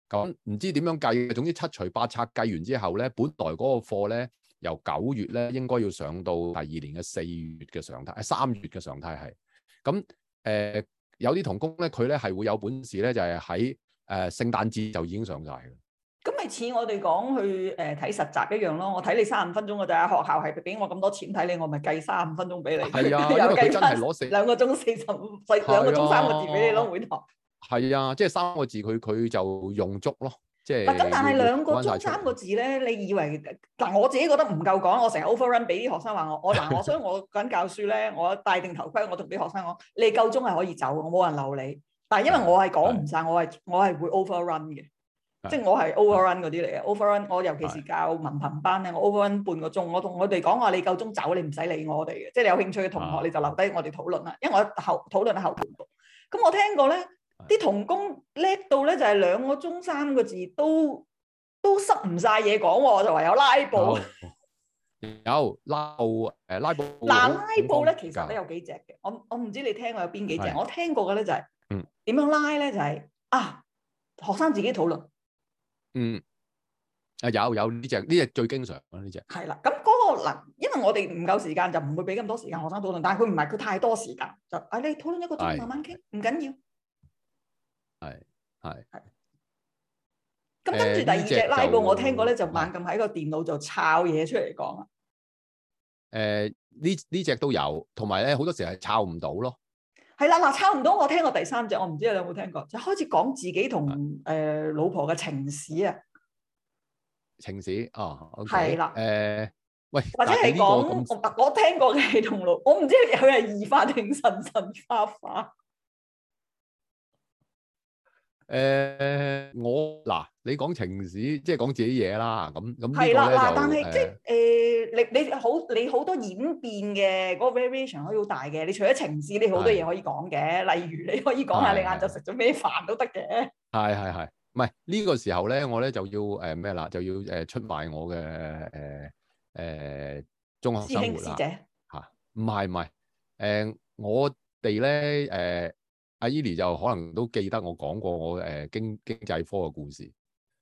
咁唔、嗯、知點樣計嘅，總之七除八拆計完之後咧，本來嗰個課咧由九月咧應該要上到第二年嘅四月嘅狀態，誒三月嘅狀態係。咁、嗯、誒、呃、有啲同工咧，佢咧係會有本事咧，就係喺誒聖誕節就已經上晒嘅。咁咪似我哋講去誒睇實習一樣咯，我睇你三五分鐘嘅咋，學校係俾我咁多錢睇你，我咪計三五分鐘俾你。係啊， <laughs> 啊，因為真係攞成兩個鐘四十五，兩個鐘三個字俾你咯，每堂、啊。係啊，即係三個字，佢佢就用足咯，即係。咁但係兩個鐘三個字咧，你以為嗱？我自己覺得唔夠講，我成日 overrun 俾啲學生話我，我嗱，所以我緊教書咧，我戴定頭盔，我同啲學生講，你夠鐘係可以走，我冇人留你。但係因為我係講唔晒，我係我係會 overrun 嘅，即係我係 overrun 嗰啲嚟嘅。overrun 我尤其是教文憑班咧，我 overrun 半個鐘，我同我哋講話你夠鐘走，你唔使理我哋嘅，即係你有興趣嘅同學你就留低我哋討論啦，因為我後討論後半部。咁我聽過咧。啲童工叻到咧，就係兩個鐘三個字都都塞唔晒嘢講，就唯有拉布。有拉布誒，拉布嗱，拉布咧，其實咧有幾隻嘅。我我唔知你聽過有邊幾隻，我聽過嘅咧就係，點樣拉咧就係啊，學生自己討論。嗯，啊有有呢隻呢隻最經常啦呢隻。係啦，咁嗰個嗱，因為我哋唔夠時間，就唔會俾咁多時間學生討論。但係佢唔係佢太多時間，就啊你討論一個鐘慢慢傾，唔緊要。係係係。咁跟住第二隻拉布，我聽過咧是就猛咁喺個電腦就抄嘢出嚟講啊。誒、呃，呢呢隻都有，同埋咧好多時候係抄唔到咯。係啦、嗯，嗱，抄唔到，我聽過第三隻，我唔知你有冇聽過，就開始講自己同誒是、呃、老婆嘅情史啊。情史哦，係、okay、啦，誒了、呃，喂，或者係講我我聽過嘅同路，我唔知係咪異化定神神化化。誒，我嗱，你講情史，即係講自己嘢啦，咁咁。係啦，嗱，但係即係誒，你你好，你好多演變嘅嗰個 variation 可以好大嘅。你除咗情史，你好多嘢可以講嘅，例如你可以講下你晏晝食咗咩飯都得嘅。係係係，唔係呢個時候咧，我咧就要誒咩啦，就要誒出賣我嘅誒誒中學師兄師姐。吓，唔係唔係，誒，我哋咧誒。阿 Eli 就可能都記得我講過我誒經經濟科嘅故事，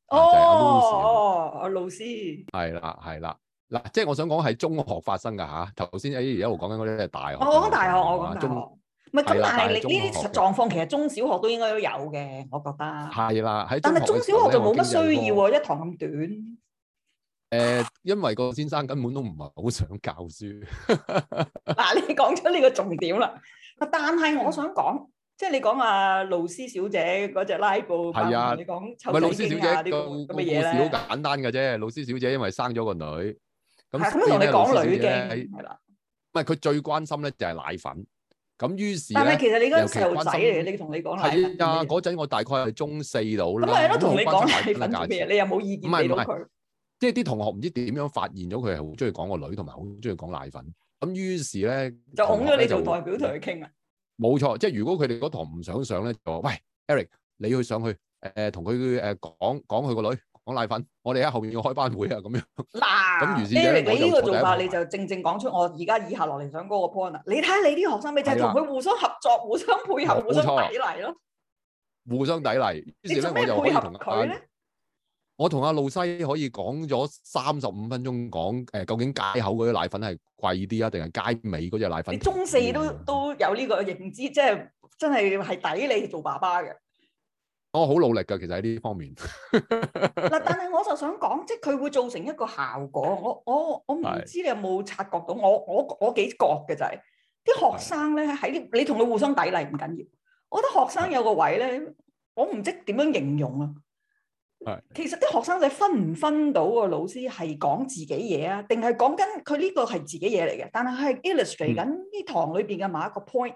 哦、就係阿老師。係啦、哦，係啦，嗱，即係、就是、我想講係中學發生嘅嚇。頭先阿 Eli 一路講緊嗰啲係大學。我講吧大學，我講大學。唔係咁，的但係你呢啲狀況其實中小學都應該都有嘅，我覺得。係啦，喺但係中小學就冇乜需要喎，一堂咁短。誒，因為個先生根本都唔係好想教書。嗱， <laughs> 你講出呢個重點啦。但係我想講，即係你講阿老師小姐嗰隻拉布，係啊！你講唔係老師小姐呢個咁嘅嘢啦，好簡單㗎啫。老師小姐因為生咗個女，咁同你講女嘅係啦。唔係佢最關心咧，就係奶粉。咁於是咧，其實你嗰個細路仔嚟你同你講係啊。嗰陣我大概係中四到啦。咁咪都同你講奶粉嘅嘢，你有冇意見俾佢？唔係唔係，即係啲同學唔知點樣發現咗佢係好中意講個女，同埋好中意講奶粉。咁於是咧，就揾咗你做代表同佢傾啊。冇錯，即係如果佢哋嗰堂唔想上咧，就話喂 Eric，你去上去誒同佢誒講講佢個女講奶粉，我哋喺後面要開班會啊咁樣。嗱，於是咧，Eric，你呢個做法你就正正講出我而家以下落嚟想嗰個 point 啊！你睇下你啲學生，咪就係同佢互相合作、互相配合、互相抵賴咯。互相抵賴，於是咧我就可以同佢、啊。我同阿露西可以講咗三十五分鐘，講、呃、誒究竟街口嗰啲奶粉係貴啲啊，定係街尾嗰隻奶粉？你中四都都。有呢個認知，即係真係係抵你做爸爸嘅。我好努力㗎，其實喺呢方面。嗱， <laughs> 但係我就想講，即係佢會造成一個效果。我我我唔知你有冇察覺到，我我我幾覺嘅就係、是、啲學生咧喺的你同佢互相抵賴唔緊要。我覺得學生有個位咧，的我唔知點樣形容啊。其實啲學生仔分唔分到個老師係講自己嘢啊，定係講緊佢呢個係自己嘢嚟嘅？但係係 illustrate 緊呢堂裏邊嘅某一個 point。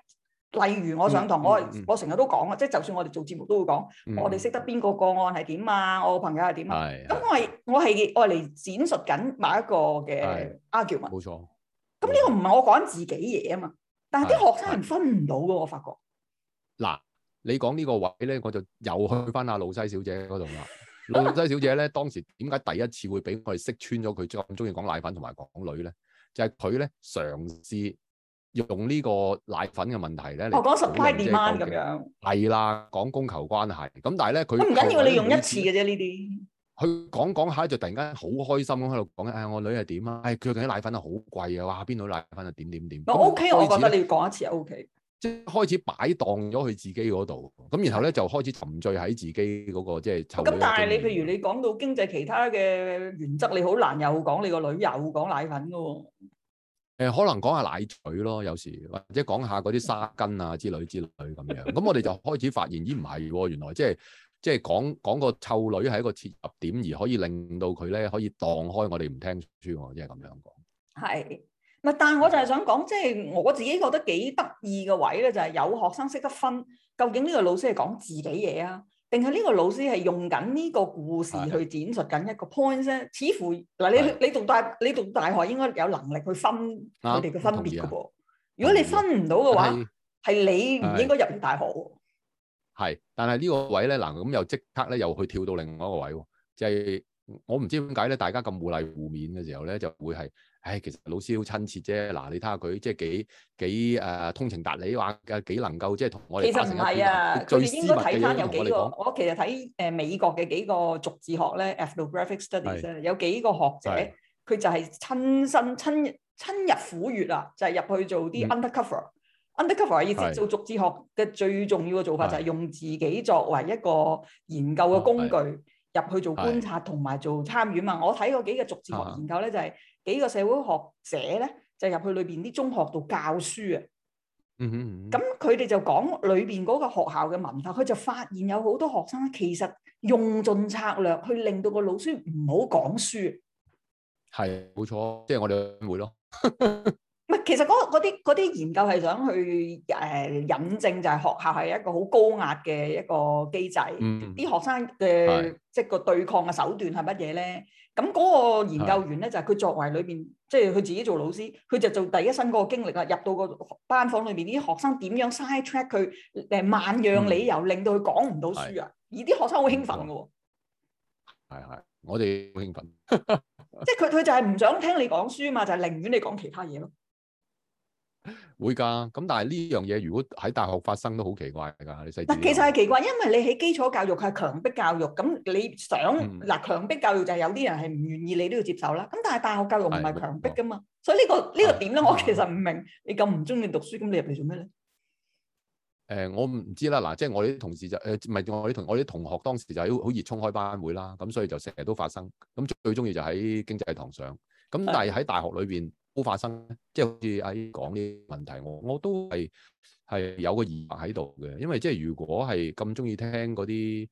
例如我上堂，我我成日都講啊，即係就算我哋做節目都會講，我哋識得邊個個案係點啊，我個朋友係點啊。咁我係我係愛嚟展述緊某一個嘅 argument。冇錯。咁呢個唔係我講自己嘢啊嘛，但係啲學生係分唔到噶，我發覺。嗱，你講呢個位咧，我就又去翻阿老西小姐嗰度啦。老西小姐咧，當時點解第一次會俾我哋識穿咗佢咁中意講奶粉同埋講女咧？就係佢咧嘗試用呢個奶粉嘅問題咧。我講 supply demand 咁樣係啦，講供求關係。咁、嗯、但係咧佢都唔緊要，你用一次嘅啫呢啲。佢講講下就突然間好開心咁喺度講，誒、哎、我女係點啊？佢、哎、究竟啲奶粉啊好貴啊！哇，邊度奶粉啊點點點。那 OK，我覺得你要講一次 OK。即係開始擺盪咗佢自己嗰度，咁然後咧就開始沉醉喺自己嗰個即係臭女。咁但係你譬如你講到經濟其他嘅原則，你好難又講你個女又講奶粉嘅喎。呃，可能講下奶嘴咯，有時或者講下嗰啲沙巾啊之類之類咁樣。咁我哋就開始發現，咦，唔係喎，原來即係即係講講個臭女係一個切入點，而可以令到佢咧可以盪開我哋唔聽書。我即係咁樣講。係。唔係，但係我就係想講，即係我自己覺得幾得意嘅位咧，就係有學生識得分，究竟呢個老師係講自己嘢啊，定係呢個老師係用緊呢個故事去展述緊一個 point 咧？似乎嗱，你你讀大你讀大學應該有能力去分你哋嘅分別㗎喎。如果你分唔到嘅話，係你唔應該入唔大學喎。係，但係呢個位咧嗱，咁又即刻咧又去跳到另外一個位喎，即係。我唔知點解咧，大家咁互勵互勉嘅時候咧，就會係，唉，其實老師好親切啫。嗱，你睇下佢即係幾幾誒通情達理，話嘅幾能夠即係同我哋。其實唔係啊，我哋應該睇翻有幾個。我其實睇誒美國嘅幾個俗字學咧，ethnographic studies，有幾個學者，佢就係親身親親入苦穴啊，就係入去做啲 undercover。undercover 嘅意思做俗字學嘅最重要嘅做法就係用自己作為一個研究嘅工具。入去做觀察同埋做參與嘛？的我睇過幾個逐字學研究咧，就係、是、幾個社會學者咧，就入去裏邊啲中學度教書啊。嗯哼，嗯哼，咁佢哋就講裏邊嗰個學校嘅文化，佢就發現有好多學生其實用盡策略去令到個老師唔好講書。係，冇錯，即係、就是、我哋會咯。 <laughs> 其實嗰啲啲研究係想去誒、呃、引證，就係學校係一個好高壓嘅一個機制，啲、嗯、學生嘅是即係個對抗嘅手段係乜嘢咧？咁嗰個研究員咧是就係佢作為裏邊，即係佢自己做老師，佢就做第一身嗰個經歷啦。入到個班房裏邊，啲學生點樣 side track 佢？誒、呃，萬樣理由令到佢講唔到書啊，是而啲學生好興奮噶，係，係我哋好興奮， <laughs> 即係佢佢就係唔想聽你講書嘛，就係、是、寧願你講其他嘢咯。會噶，咁但係呢樣嘢如果喺大學發生都好奇怪噶，你細嗱其實係奇怪，因為你喺基礎教育係強迫教育，咁你想嗱強逼教育就係有啲人係唔願意，你都要接受啦。咁但係大學教育唔係強迫噶嘛，的所以、這個這個、呢個呢個點咧，的我其實唔明，你咁唔中意讀書，咁你入嚟做咩咧？誒、呃，我唔知啦，嗱，即係我哋啲同事就誒，唔、呃、係我哋同我哋啲同學當時就好好熱衷開班會啦，咁所以就成日都發生。咁最中意就喺經濟堂上，咁但係喺大學裏邊。都發生咧，即係好似阿姨講呢個問題，我我都係係有個疑問喺度嘅，因為即係如果係咁中意聽嗰啲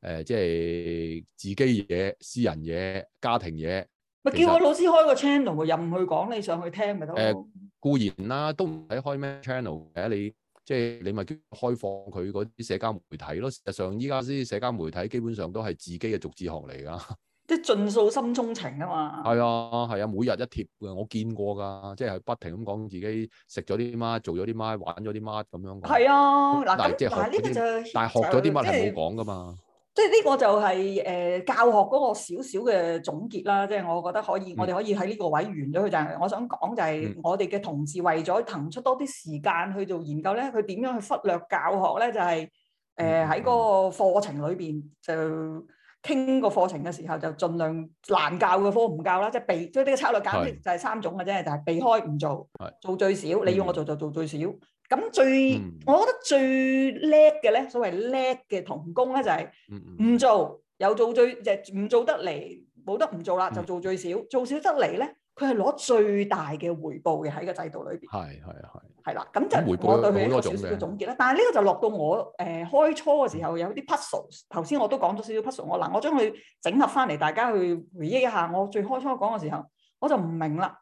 誒，即係自己嘢、私人嘢、家庭嘢，咪叫個老師開個 channel，任佢講你上去聽咪得咯。固然啦、啊，都唔使開咩 channel 嘅，你即係你咪開放佢嗰啲社交媒體咯。事實上，依家啲社交媒體基本上都係自己嘅逐字學嚟噶。即係盡訴心中情啊嘛！係啊，係啊，每日一貼嘅，我見過㗎，即係不停咁講自己食咗啲乜，做咗啲乜，玩咗啲乜咁樣。係啊，嗱、啊、咁，嗱呢但但個就係，但係學咗啲乜係冇講㗎嘛？即係呢個就係、是、誒、呃、教學嗰個少少嘅總結啦。即係我覺得可以，嗯、我哋可以喺呢個位完咗佢。就係我想講就係、是嗯、我哋嘅同事為咗騰出多啲時間去做研究咧，佢點樣去忽略教學咧？就係誒喺嗰個課程裏邊就。嗯嗯傾個課程嘅時候就盡量難教嘅科唔教啦，即係避，即係呢個策略簡直就係三種嘅啫，是就係避開唔做，是做最少，你要我做就做最少。咁最，嗯、我覺得最叻嘅咧，所謂叻嘅同工咧，就係、是、唔做，有做最就唔、是、做得嚟，冇得唔做啦，就做最少，嗯、做少得嚟咧。佢係攞最大嘅回報嘅喺個制度裏邊。係係係。係啦，咁就我對佢一個小小嘅總結啦。但係呢個就落到我誒、呃、開初嘅時候有啲 puzzle。頭先我都講咗少少 puzzle。我嗱，我將佢整合翻嚟，大家去回憶一下。我最開初講嘅時候，我就唔明啦。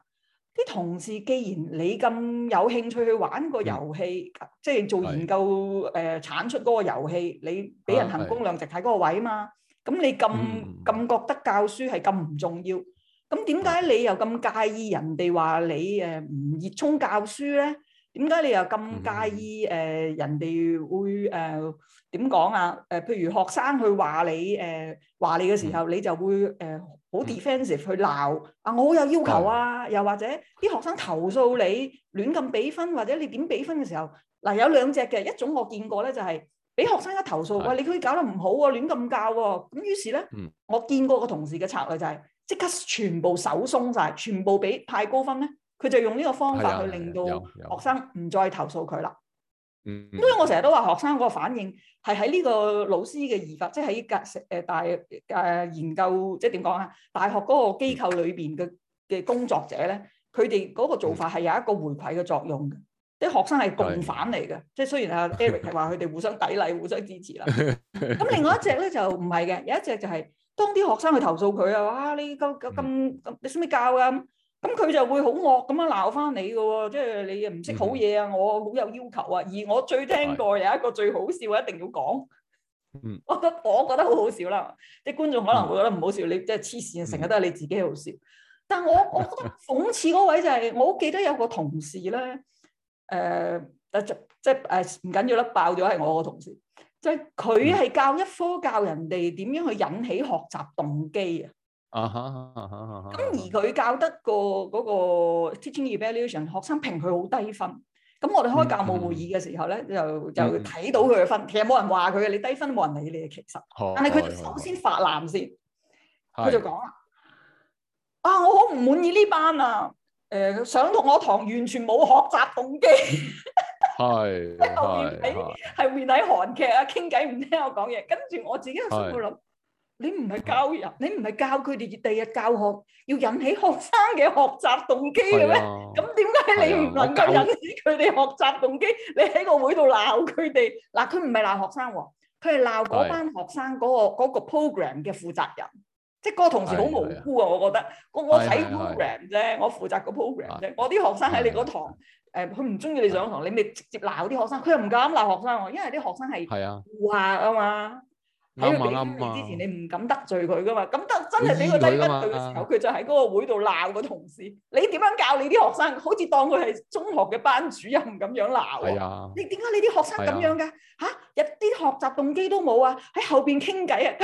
啲同事既然你咁有興趣去玩個遊戲，即係、嗯、做研究誒的、呃，產出嗰個遊戲，你俾人衡工量值喺嗰個位啊嘛。咁、嗯、你咁咁覺得教書係咁唔重要？咁點解你又咁介意人哋話你誒唔、呃、熱衷教書咧？點解你又咁介意誒、嗯呃、人哋會誒點講啊？誒、呃呃、譬如學生去話你誒話、呃、你嘅時候，你就會誒好、呃、defensive 去鬧、嗯、啊！我好有要求啊！又或者啲學生投訴你亂咁俾分，或者你點俾分嘅時候，嗱、啊、有兩隻嘅一種我見過咧、就是，就係俾學生一投訴喂，你可以搞得唔好喎、啊，亂咁教喎、啊，咁於是咧，我見過個同事嘅策略就係、是。即刻全部手鬆晒，全部俾派高分咧，佢就用呢個方法去令到學生唔再投訴佢啦。啊啊啊、因為我成日都話學生嗰個反應係喺呢個老師嘅疑法，即係喺格大誒、呃、研究，即係點講啊？大學嗰個機構裏邊嘅嘅工作者咧，佢哋嗰個做法係有一個回饋嘅作用嘅。啲、嗯、學生係共犯嚟嘅，的即係雖然阿 Eric 係話佢哋互相砥礪、 <laughs> 互相支持啦。咁 <laughs> 另外一隻咧就唔係嘅，有一隻就係、是。當啲學生去投訴佢啊，哇！你夠夠咁，你使唔使教噶？咁佢就會好惡咁樣鬧翻你噶喎，即係你又唔識好嘢啊，我好有要求啊。而我最聽過有一個最好笑嘅，一定要講。嗯，我覺我覺得好好笑啦。啲觀眾可能會覺得唔好笑，你即係黐線，成日都係你自己好笑。但我我覺得諷刺嗰位就係，我記得有個同事咧，誒、呃，即係誒唔緊要啦，爆咗係我個同事。就係佢係教一科教人哋點樣去引起學習動機啊！咁而佢教得、嗰個嗰、嗰個 teaching evaluation 學生評佢好低分。咁我哋開教務會議嘅時候咧、mm hmm.，就就睇到佢嘅分，其實冇人話佢嘅，你低分冇人理你嘅。其實，uh huh, uh huh. 但係佢首先發難先，佢就講、uh huh. 啊，我好唔滿意呢班啊！誒、呃，上同我堂完全冇學習動機。 <laughs> 係即係我後面喺後面喺韓劇啊，傾偈唔聽我講嘢，跟住我自己喺度諗，是你唔係教人，你唔係教佢哋第二日教學，要引起學生嘅學習動機嘅咩？咁點解你唔能夠引起佢哋學習動機？你喺個會度鬧佢哋嗱，佢唔係鬧學生，佢係鬧嗰班學生嗰個嗰個 program 嘅負責人。即係嗰個同事好無辜啊！我覺得我我睇 program 啫，我負責個 program 啫。我啲學生喺你嗰堂，誒佢唔中意你上堂，你咪直接鬧啲學生。佢又唔敢鬧學生喎，因為啲學生係顧客啊嘛。喺佢幾年之前，你唔敢得罪佢噶嘛。咁得真係俾佢低分嘅時候，佢就喺嗰個會度鬧個同事。你點樣教你啲學生？好似當佢係中學嘅班主任咁樣鬧。你點解你啲學生咁樣㗎？嚇，一啲學習動機都冇啊！喺後邊傾偈啊。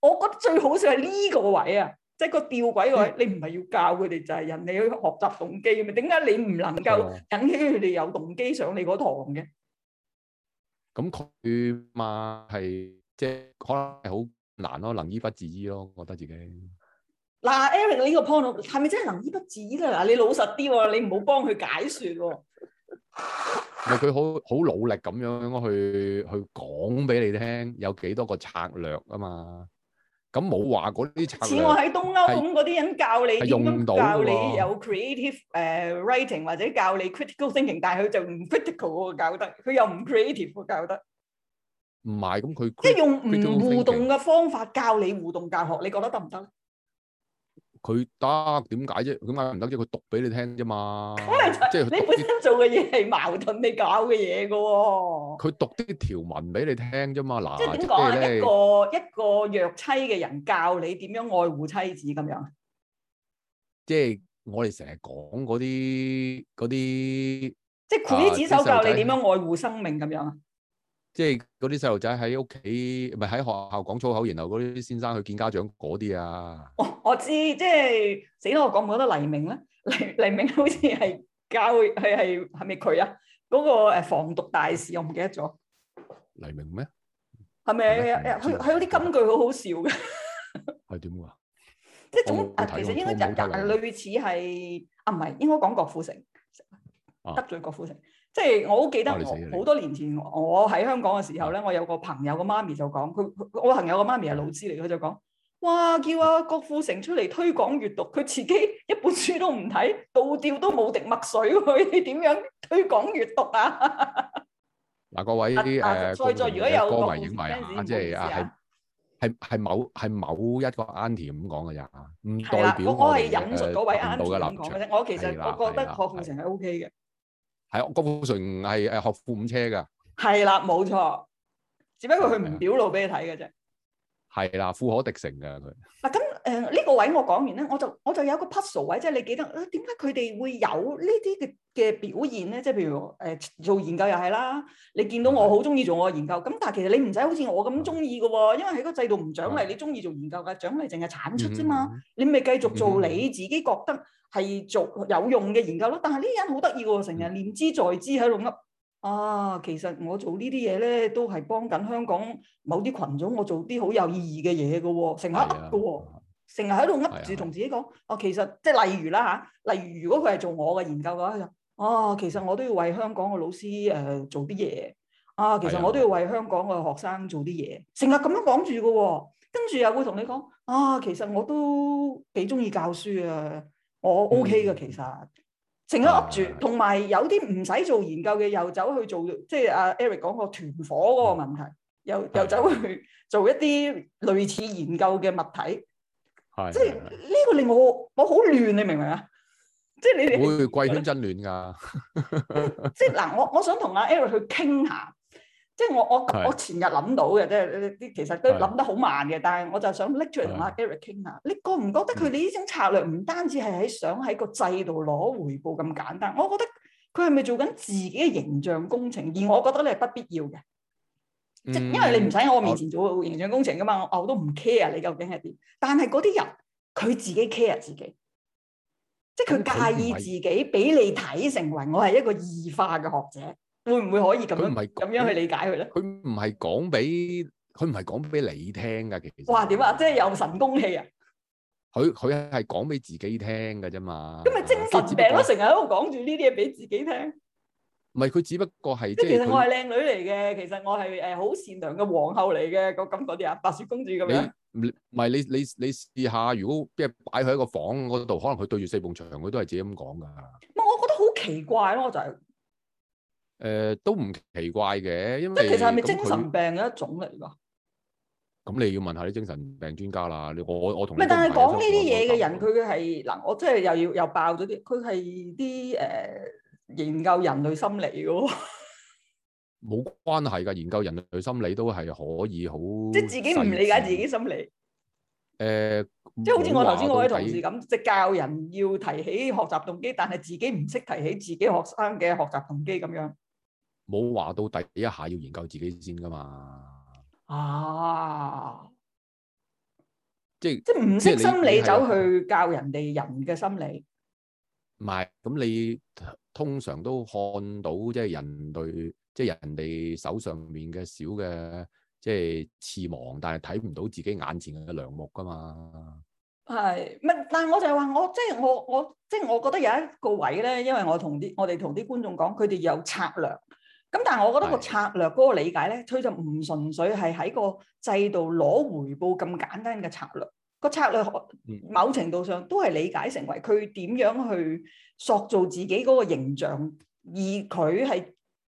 我覺得最好笑係呢個位啊，即係個吊詭位，你唔係要教佢哋，就係、是、人哋去學習動機啊嘛？點解你唔能夠引起佢哋有動機上你嗰堂嘅？咁佢、嗯、嘛係即係可能係好難咯、啊，能醫不自醫咯，覺得自己嗱、啊、Eric 呢個 point 係咪真係能醫不自醫咧？嗱，你老實啲喎、啊，你唔好幫佢解説喎、啊。佢好好努力咁樣去去講俾你聽，有幾多個策略啊嘛？咁冇話嗰啲，似我喺東歐咁嗰啲人教你，教你 ive，用，用唔到有 creative 誒、uh, writing 或者教你 critical thinking，但係佢就唔 critical 喎，教得佢又唔 creative 喎，教得。唔係，咁佢即係用唔互動嘅方法教你互動教學，你覺得得唔得？佢得點解啫？點解唔得啫？佢讀俾你聽啫嘛。即係你本身做嘅嘢係矛盾，你搞嘅嘢噶。佢讀啲條文俾你聽啫嘛。嗱，即係點講啊？一個一個弱妻嘅人教你點樣愛護妻子咁樣。即係我哋成日講嗰啲嗰啲。即係劊子手教你點樣愛護生命咁樣。即係嗰啲細路仔喺屋企，唔係喺學校講粗口，然後嗰啲先生去見家長嗰啲啊！我我知，即係死咯！我講唔記得黎明咧，黎黎明好似係教係？係係咪佢啊？嗰個誒防毒大使，我唔記得咗。黎明咩？係咪佢，佢啲金句好好笑嘅。係點啊？即係總其實應該日日類似係啊，唔係應該講郭富城，得罪郭富城。即係我好記得，好多年前我喺香港嘅時候咧，我有個朋友嘅媽咪就講佢，我朋友嘅媽咪係老師嚟嘅。佢就講：哇，叫阿郭富城出嚟推廣閱讀，佢自己一本書都唔睇，倒吊都冇滴墨水，佢點樣推廣閱讀啊？嗱，各位誒再再如果有歌迷影迷啊，即係啊係係係某係某一個 aunty 咁講嘅咋？唔代表我係引述嗰位 aunty 咁講嘅啫。我其實我覺得郭富城係 OK 嘅。係郭富城係誒，學富五車噶。係啦，冇錯，只不過佢唔表露俾你睇嘅啫。係啦，富可敵城噶佢。誒呢、呃這個位我講完咧，我就我就有一個 puzzle 位，即係你記得點解佢哋會有呢啲嘅嘅表現咧？即係譬如誒、呃、做研究又係啦，你見到我好中意做我嘅研究，咁但係其實你唔使好似我咁中意嘅喎，因為喺個制度唔獎勵你中意做研究嘅，獎勵淨係產出啫嘛，嗯嗯嗯、你咪繼續做你自己覺得係做有用嘅研究咯。但係呢啲人好得意喎，成日念之在之喺度噏啊，其實我做呢啲嘢咧都係幫緊香港某啲群組，我做啲好有意義嘅嘢嘅喎，成黑嘅喎。成日喺度噏住，同自己講：哦的、啊，其實即係例如啦嚇、啊，例如如果佢係做我嘅研究嘅話，哦，其實我都要為香港嘅老師誒做啲嘢。啊，其實我都要為香港嘅學生做啲嘢。成日咁樣講住嘅喎，跟住又會同你講：啊，其實我都幾中意教書啊，我 OK 嘅、嗯、其實。成日噏住，同埋的有啲唔使做研究嘅，又走去做，即係、啊、阿 Eric 講個團火嗰個問題，嗯、又又走去做一啲類似研究嘅物體。即係呢是個令我我好亂，你明唔明啊？即係你哋會貴圈真亂噶 <laughs> 。即係嗱，我我想同阿 Eric 去傾下。即係我我是是 我前日諗到嘅，即係你啲其實都諗得好慢嘅，但係我就想拎出嚟同阿 Eric 傾下。是是你覺唔覺得佢哋呢種策略唔單止係喺想喺個制度攞回報咁簡單？我覺得佢係咪做緊自己嘅形象工程？而我覺得你係不必要嘅。即、嗯、因為你唔使喺我面前做形象工程噶嘛，我我都唔 care 啊，你究竟係點？但係嗰啲人佢自己 care 自己，即係佢介意自己俾你睇成為我係一個異化嘅學者，會唔會可以咁樣咁樣去理解佢咧？佢唔係講俾佢唔係講俾你聽噶，其實哇，點啊，即係有神功氣啊！佢佢係講俾自己聽噶啫嘛，咁咪精神病咯？成日喺度講住呢啲嘢俾自己聽。唔係佢，只不過係即係。即係其實我係靚女嚟嘅，其實我係誒好善良嘅皇后嚟嘅，咁咁嗰啲啊，白雪公主咁樣。你唔唔係你你你試下，如果即係擺佢喺個房嗰度，可能佢對住四埲牆，佢都係自己咁講噶。唔，我覺得好奇怪咯，我就係。誒，都唔奇怪嘅，因為即係其實係咪精神病嘅一種嚟㗎？咁你要問下啲精神病專家啦。你我我同唔係，但係講呢啲嘢嘅人，佢佢係嗱，我即係又要又爆咗啲，佢係啲誒。研究人類心理嘅喎，冇 <laughs> 關係㗎。研究人類心理都係可以好，即係自己唔理解自己心理。誒、呃，即係好似我頭先嗰位同事咁，即係教人要提起學習動機，但係自己唔識提起自己學生嘅學習動機咁樣。冇話到底一下要研究自己先㗎嘛？啊，即係即係唔識心理是是走去教人哋人嘅心理。唔係，咁你？通常都看到即係、就是、人對，即、就、係、是、人哋手上面嘅小嘅即係刺芒，但係睇唔到自己眼前嘅樑木㗎嘛。係，咪但係我就係話我即係我我即係我覺得有一個位咧，因為我同啲我哋同啲觀眾講，佢哋有策略。咁但係我覺得個策略嗰個理解咧，佢是就唔純粹係喺個制度攞回報咁簡單嘅策略。個策略，某程度上都係理解成為佢點樣去塑造自己嗰個形象，而佢係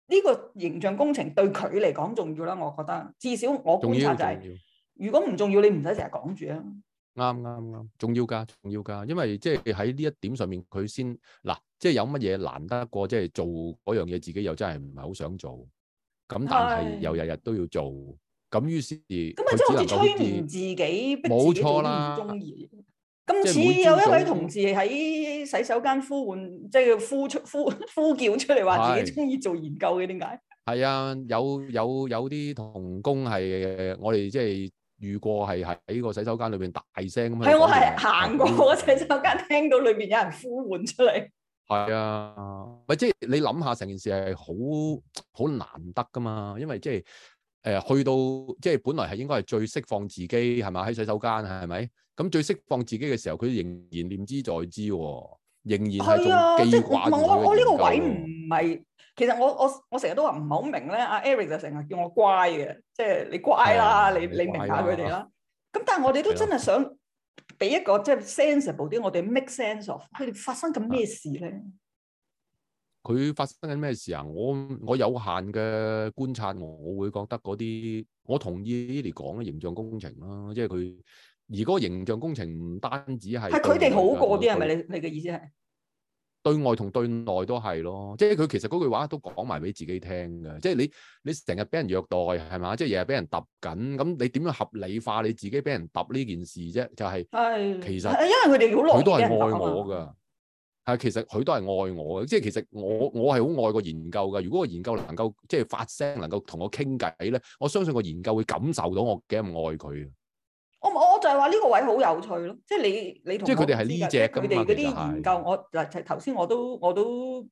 呢個形象工程對佢嚟講重要啦。我覺得至少我觀察就係、是，如果唔重要，你唔使成日講住啊。啱啱啱，重要㗎，重要㗎，因為即係喺呢一點上面，佢先嗱，即係、就是、有乜嘢難得過，即、就、係、是、做嗰樣嘢自己又真係唔係好想做，咁但係又日日都要做。咁於是，咪即係好似催眠自己，冇錯啦。咁似有一位同事喺洗手間呼喚，即係呼出呼呼叫出嚟話自己中意做研究嘅點解？係啊，有有有啲同工係我哋即係遇過係喺個洗手間裏邊大聲咁樣。係我係行過個洗手間，聽到裏邊有人呼喚出嚟。係啊，咪即係你諗下，成件事係好好難得噶嘛，因為即係。誒去到即係本來係應該係最釋放自己係咪？喺洗手間係咪？咁最釋放自己嘅時候，佢仍然念之在之、哦，仍然係仲記掛我即係我呢個位唔係。其實我我我成日都話唔係好明咧。阿 Eric 就成日叫我乖嘅，即係你乖啦，啊、你你明白下佢哋啦。咁、啊啊、但係我哋都真係想俾一個即係、就是、sensible 啲，我哋 make sense of 佢哋發生緊咩事咧。佢發生緊咩事啊？我我有限嘅觀察，我會覺得嗰啲，我同意 Eli 講嘅形象工程囉，即係佢而嗰個形象工程唔單止係，係佢哋好過啲係咪？你你嘅意思係對外同對內都係咯，即係佢其實嗰句話都講埋俾自己聽㗎，即係你你成日俾人虐待係嘛？即係日日俾人揼緊，咁你點樣合理化你自己俾人揼呢件事啫？就係、係、係其實，因為佢哋好耐。佢都係愛我㗎。係，其實佢都係愛我嘅，即係其實我我係好愛個研究㗎。如果個研究能夠即係發聲，能夠同我傾偈咧，我相信個研究會感受到我幾咁愛佢啊！我我就係話呢個位好有趣咯，即係你你同即係佢哋係呢隻，佢哋嗰啲研究，我就係頭先我都我都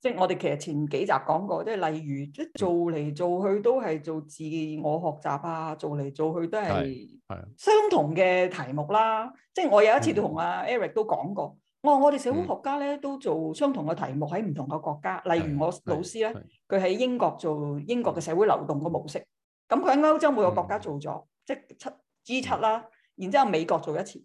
即係我哋其實前幾集講過，即係例如即係做嚟做去都係做自我學習啊，做嚟做去都係係相同嘅題目啦。即係我有一次同阿 Eric 都講過。Oh，我哋社會學家咧都做相同嘅題目喺唔同嘅國家，例如我老師咧，佢喺英國做英國嘅社會流動嘅模式，咁佢喺歐洲每個國家做咗、嗯、即係 G7 啦，然之後美國做一次。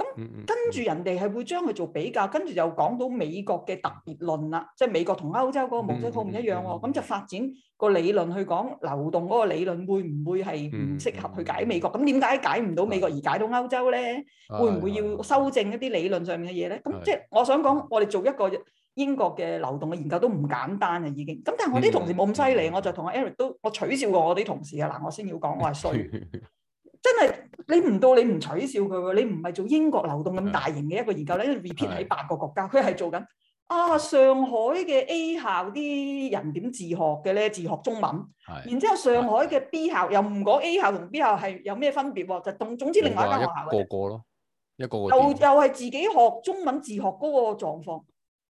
咁、嗯嗯、跟住人哋係會將佢做比較，跟住又講到美國嘅特別論啦，即係美國同歐洲嗰個模式好唔一樣喎，咁就發展個理論去講流動嗰個理論會唔會係唔適合去解美國？咁點、嗯嗯、解解唔到美國而解到歐洲咧？哎、會唔會要修正一啲理論上面嘅嘢咧？咁、哎、即係我想講，我哋做一個英國嘅流動嘅研究都唔簡單啊，已經。咁但係我啲同事冇咁犀利，嗯嗯、我就同阿 Eric 都我取笑過我啲同事啊，嗱我先要講我係衰。 <laughs> 真係你唔到你唔取笑佢喎，你唔係做英國流動咁大型嘅一個研究咧，repeat 喺八個國家，佢係做緊啊上海嘅 A 校啲人點自學嘅咧，自學中文，然之後上海嘅 B 校又唔講 A 校同 B 校係有咩分別喎？就總總之另外一個學校個咯，一個個又又係自己學中文自學嗰個狀況。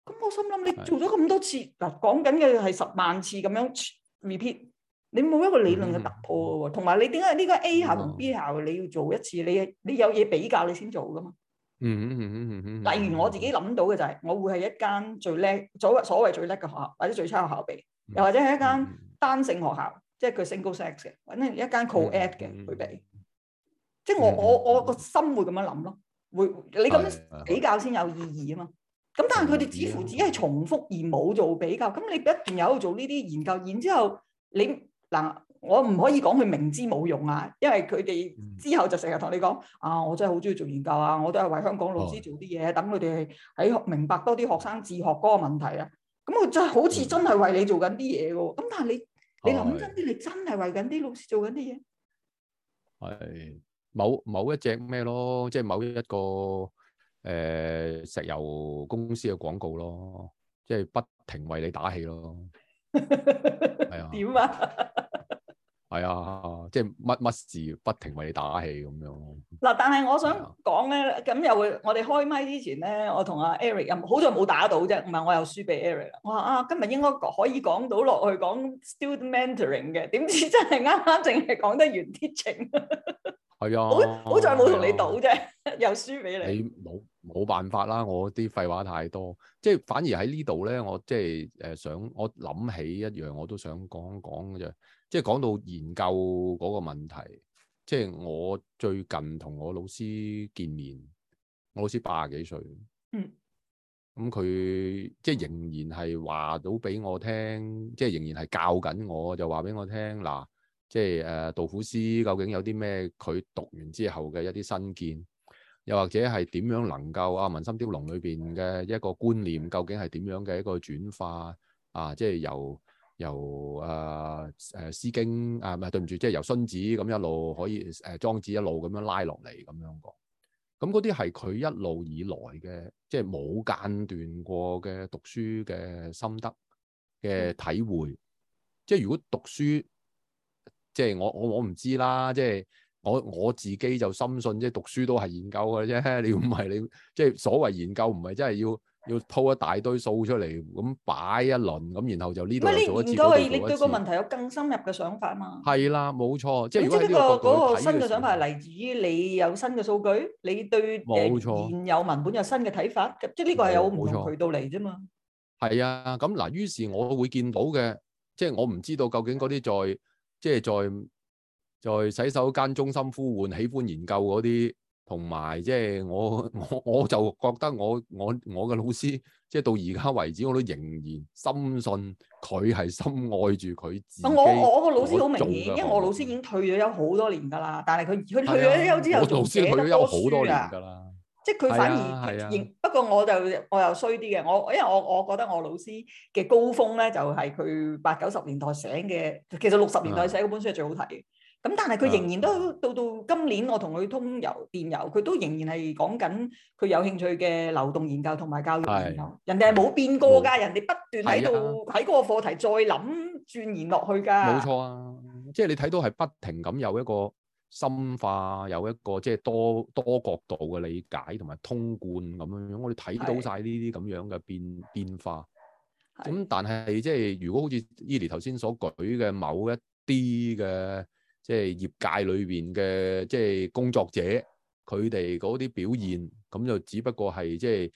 咁我心諗你做咗咁多次嗱，講緊嘅係十萬次咁樣 repeat。你冇一個理論嘅突破喎，同埋、嗯、你點解呢個 A 校同 B 校你要做一次？你你有嘢比較你先做噶嘛？嗯嗯嗯嗯嗯嗯。嗯嗯嗯嗯例如我自己諗到嘅就係，我會係一間最叻所謂所謂最叻嘅學校，或者最差學校比，又或者係一間單性學校，即係佢 single sex 嘅，或者一間 co-ed 嘅去比。嗯、即係我我我個心會咁樣諗咯，會你咁樣比較先有意義啊嘛。咁但係佢哋似乎只係重複而冇做比較。咁你不斷有做呢啲研究，然之後你。你嗱，我唔可以講佢明知冇用啊，因為佢哋之後就成日同你講啊，我真係好鍾意做研究啊，我都係為香港老師做啲嘢，等佢哋喺學明白多啲學生自學嗰個問題啊。咁我真係好似真係為你做緊啲嘢嘅喎。咁但係你你諗真啲，你，哦、你真係為緊啲老師做緊啲嘢？係，某某一隻咩咯？即係某一個誒、呃、石油公司嘅廣告咯，即係不停為你打氣咯。係啊，點啊？係啊，即係乜乜事不停為你打氣咁樣。嗱、哎呀，但係我想講咧，咁又會我哋開麥之前咧，我同阿 Eric 好在冇打到啫，唔係我又輸俾 Eric，我話啊，今日應該可以講到落去講 student mentoring 嘅，點知真係啱啱淨係講得完啲情。係啊，好好在冇同你賭啫，又輸俾你。冇、哎。哎。冇辦法啦，我啲廢話太多，即係反而喺呢度咧，我即係誒、呃、想，我諗起一樣我都想講講嘅啫，即係講到研究嗰個問題，即係我最近同我老師見面，我老師八十幾歲，嗯，咁佢、嗯、即係仍然係話到俾我聽，即係仍然係教緊我，就話俾我聽嗱，即係誒、呃、杜甫詩究竟有啲咩，佢讀完之後嘅一啲新見。又或者係點樣能夠啊？文心雕龍裏邊嘅一個觀念，究竟係點樣嘅一個轉化啊？即係由由啊誒《詩、呃、經》啊，啊唔係對唔住，即係由荀子咁一路可以誒莊、啊、子一路咁樣拉落嚟咁樣講。咁嗰啲係佢一路以來嘅，即係冇間斷過嘅讀書嘅心得嘅體會。即係如果讀書，即係我我我唔知啦，即係。我我自己就深信，即係讀書都係研究嘅啫。你唔係你，即係所謂研究，唔係真係要要鋪一大堆數出嚟，咁擺一輪，咁然後就呢度。你研究係你對個問題有更深入嘅想法嘛？係啦、啊，冇錯。即係如果呢一個嗰個，個新嘅想法，係嚟自於你有新嘅數據，嗯、你對冇錯現有文本有新嘅睇法。錯即係呢個係有唔同渠道嚟啫嘛。係啊，咁嗱，於是我會見到嘅，即係我唔知道究竟嗰啲在，即係在。在洗手間中心呼喚，喜歡研究嗰啲，同埋即係我我我就覺得我我我嘅老師，即係到而家為止，我都仍然深信佢係深愛住佢。啊，我我個老師好明顯，因為我老師已經退咗休好多年噶啦，但係佢佢退咗休之後我老師退咗休好多年噶啦。即係佢反而，啊啊、不過我就我又衰啲嘅，我，我因為我我覺得我老師嘅高峰咧就係佢八九十年代寫嘅，其實六十年代寫嗰本書係最好睇。咁但係佢仍然都到到今年我，我同佢通郵電郵，佢都仍然係講緊佢有興趣嘅流動研究同埋教育研究。是人哋係冇變過㗎，沒人哋不斷喺度喺嗰個課題再諗鑽研落去㗎。冇錯啊，即係你睇到係不停咁有一個深化，有一個即係多多角度嘅理解同埋通貫咁樣樣。我哋睇到晒呢啲咁樣嘅變是變化。咁是是但係即係如果好似伊利頭先所舉嘅某一啲嘅。即係業界裏邊嘅即係工作者，佢哋嗰啲表現咁就只不過係即係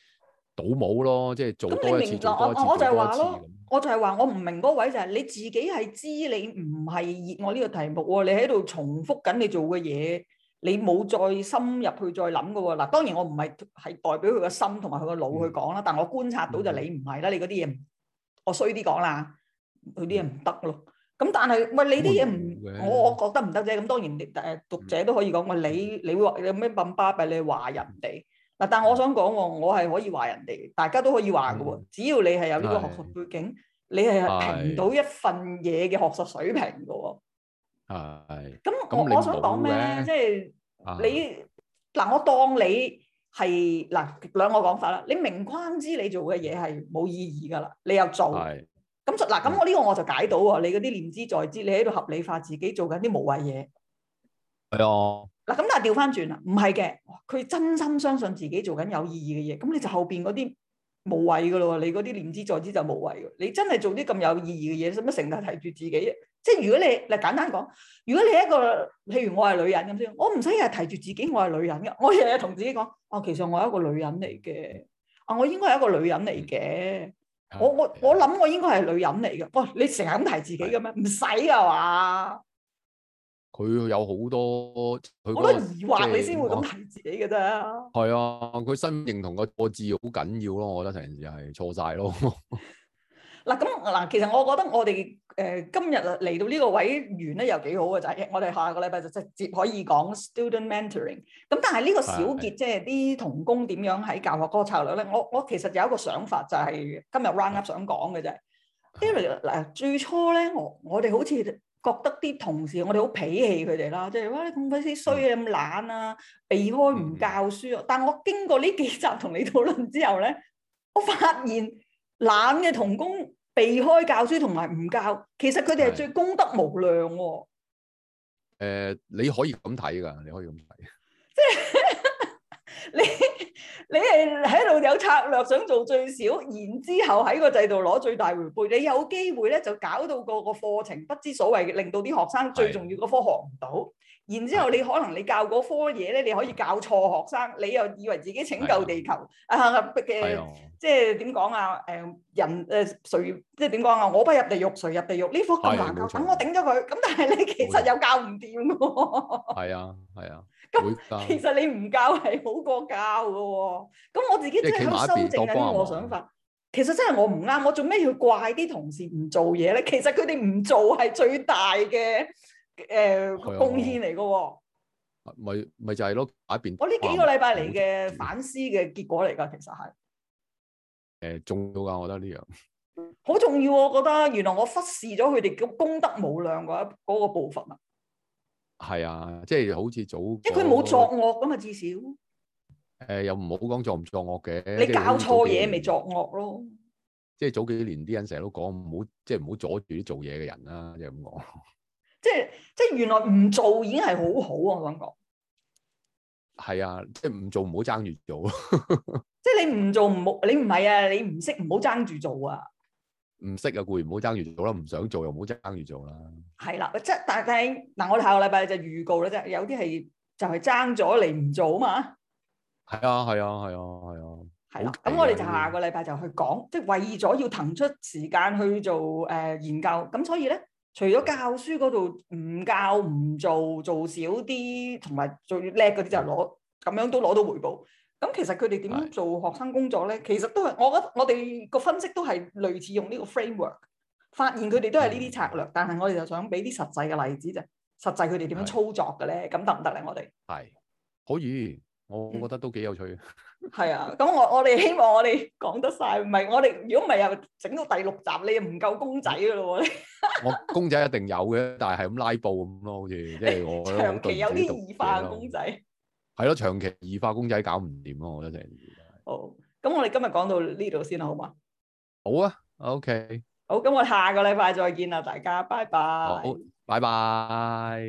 倒模咯，即係做多一次多一次多一次多一次咁。我就係話咯，我就係話我唔明嗰位就係你自己係知你唔係熱愛呢個題目喎，你喺度重複緊你做嘅嘢，你冇再深入去再諗㗎喎。嗱，當然我唔係係代表佢個心同埋佢個腦去講啦，但我觀察到就你唔係啦，你嗰啲嘢我衰啲講啦，佢啲嘢唔得咯。咁但係，餵你啲嘢唔會，我我覺得唔得啫。咁當然，誒讀者都可以講。餵你，你會話有咩咁巴閉？你話人哋嗱，但係我想講我係可以話人哋，大家都可以話嘅喎。只要你係有呢個學術背景，的你係評唔到一份嘢嘅學術水平嘅喎。咁的我我想講咩？即係你嗱的，我當你係嗱兩個講法啦。你明框知你做嘅嘢係冇意義㗎啦，你又做。咁嗱，咁我呢個我就解到喎，你嗰啲念茲在茲，你喺度合理化自己做緊啲無謂嘢。係啊，嗱咁但係調翻轉啦，唔係嘅，佢真心相信自己做緊有意義嘅嘢，咁你就後邊嗰啲無謂噶咯，你嗰啲念茲在茲就無謂嘅。你真係做啲咁有意義嘅嘢，使乜成日提住自己？即係如果你嚟簡單講，如果你一個，譬如我係女人咁先，我唔使日日提住自己，我係女人嘅，我日日同自己講，啊，其實我係一個女人嚟嘅，啊，我應該係一個女人嚟嘅。嗯我我我諗我應該係女人嚟嘅，哇！你成日咁提自己嘅咩？唔使㗎嘛。佢有好多，好多、那個、疑惑、就是，你先會咁提自己嘅啫。係啊，佢身形同個個字好緊要咯，我覺得成件事係錯晒咯。 <laughs> 嗱咁嗱，其實我覺得我哋誒、呃、今日嚟到呢個位完咧又幾好嘅就係、是，我哋下個禮拜就直接可以講 student mentoring。咁但係呢個小結即係啲同工點樣喺教學嗰個策略咧？我我其實有一個想法就係、是、今日 round up 想講嘅啫。就係因為嗱，最初咧我我哋好似覺得啲同事我哋好脾氣佢哋啦，即、就、係、是、哇咁鬼死衰咁懶啊，避開唔教書啊。的但我經過呢幾集同你討論之後咧，我發現。懶嘅童工避開教書同埋唔教，其實佢哋係最功德無量。誒、呃，你可以咁睇噶，你可以咁睇。即係 <laughs> 你你係喺度有策略，想做最少，然之後喺個制度攞最大回饋。你有機會咧，就搞到個個課程不知所謂，令到啲學生最重要嗰科學唔到。然之後，你可能你教嗰科嘢咧，你可以教錯學生，你又以為自己拯救地球對啊，啊？誒，即係點講啊？誒，人誒誰即係點講啊？我不入地獄，誰入地獄？呢科咁難教，等、啊、我頂咗佢。咁沒錯 但係你其實又教唔掂喎。係 <laughs> 啊，係啊。咁其實你唔教係好過教嘅喎。咁我自己真係想修正緊我想法。其實真係我唔啱，我做咩要怪啲同事唔做嘢咧？其實佢哋唔做係最大嘅。誒，貢獻嚟嘅，咪咪的、哦、就係咯改變。我呢、哦、幾個禮拜嚟嘅反思嘅結果嚟噶，其實係誒、呃、重要噶，我覺得呢樣好重要。我覺得原來我忽視咗佢哋叫功德無量嗰一、那個部分啊。係啊，即、就、係、是、好似早因，佢冇作惡咁啊，至少誒、呃、又唔好講作唔作惡嘅。你教錯嘢咪作惡咯？即係早幾年啲、就是、人成日都講唔好，即係唔好阻住啲做嘢嘅人啦、啊，即係咁講。即係即係，原來唔做已經係好好啊！我想講係啊，即係唔做唔好爭住做。 <laughs> 即係你唔做唔好，你唔係啊，你唔識唔好爭住做啊。唔識啊，固然唔好爭住做啦。唔想做又唔好爭住做啦。係啦，即係但係嗱，我哋下個禮拜就預告啦啫。有啲係就係爭咗嚟唔做啊嘛。係啊，係啊，係啊，係啊。係啦、啊，咁我哋就下個禮拜就去講，即係為咗要騰出時間去做誒、呃、研究，咁所以咧。除咗教書嗰度唔教唔做，做少啲，同埋最叻嗰啲就攞咁樣都攞到回報。咁其實佢哋點樣做學生工作咧？是其實都係我覺得我哋個分析都係類似用呢個 framework，發現佢哋都係呢啲策略。是但係我哋就想俾啲實際嘅例子啫，實際佢哋點樣操作嘅咧？咁得唔得咧？我哋係可以，我覺得都幾有趣。嗯係啊，咁我我哋希望我哋講得晒，唔係我哋如果唔係又整到第六集，你又唔夠公仔噶咯喎？我公仔一定有嘅，但係係咁拉布咁咯，好似即係我長期有啲異化嘅公仔，係咯，長期異化公仔搞唔掂咯，我覺得。好，咁我哋今日講到呢度先啦，好嘛？好啊，OK。好，咁我下個禮拜再見啦，大家拜拜，拜拜。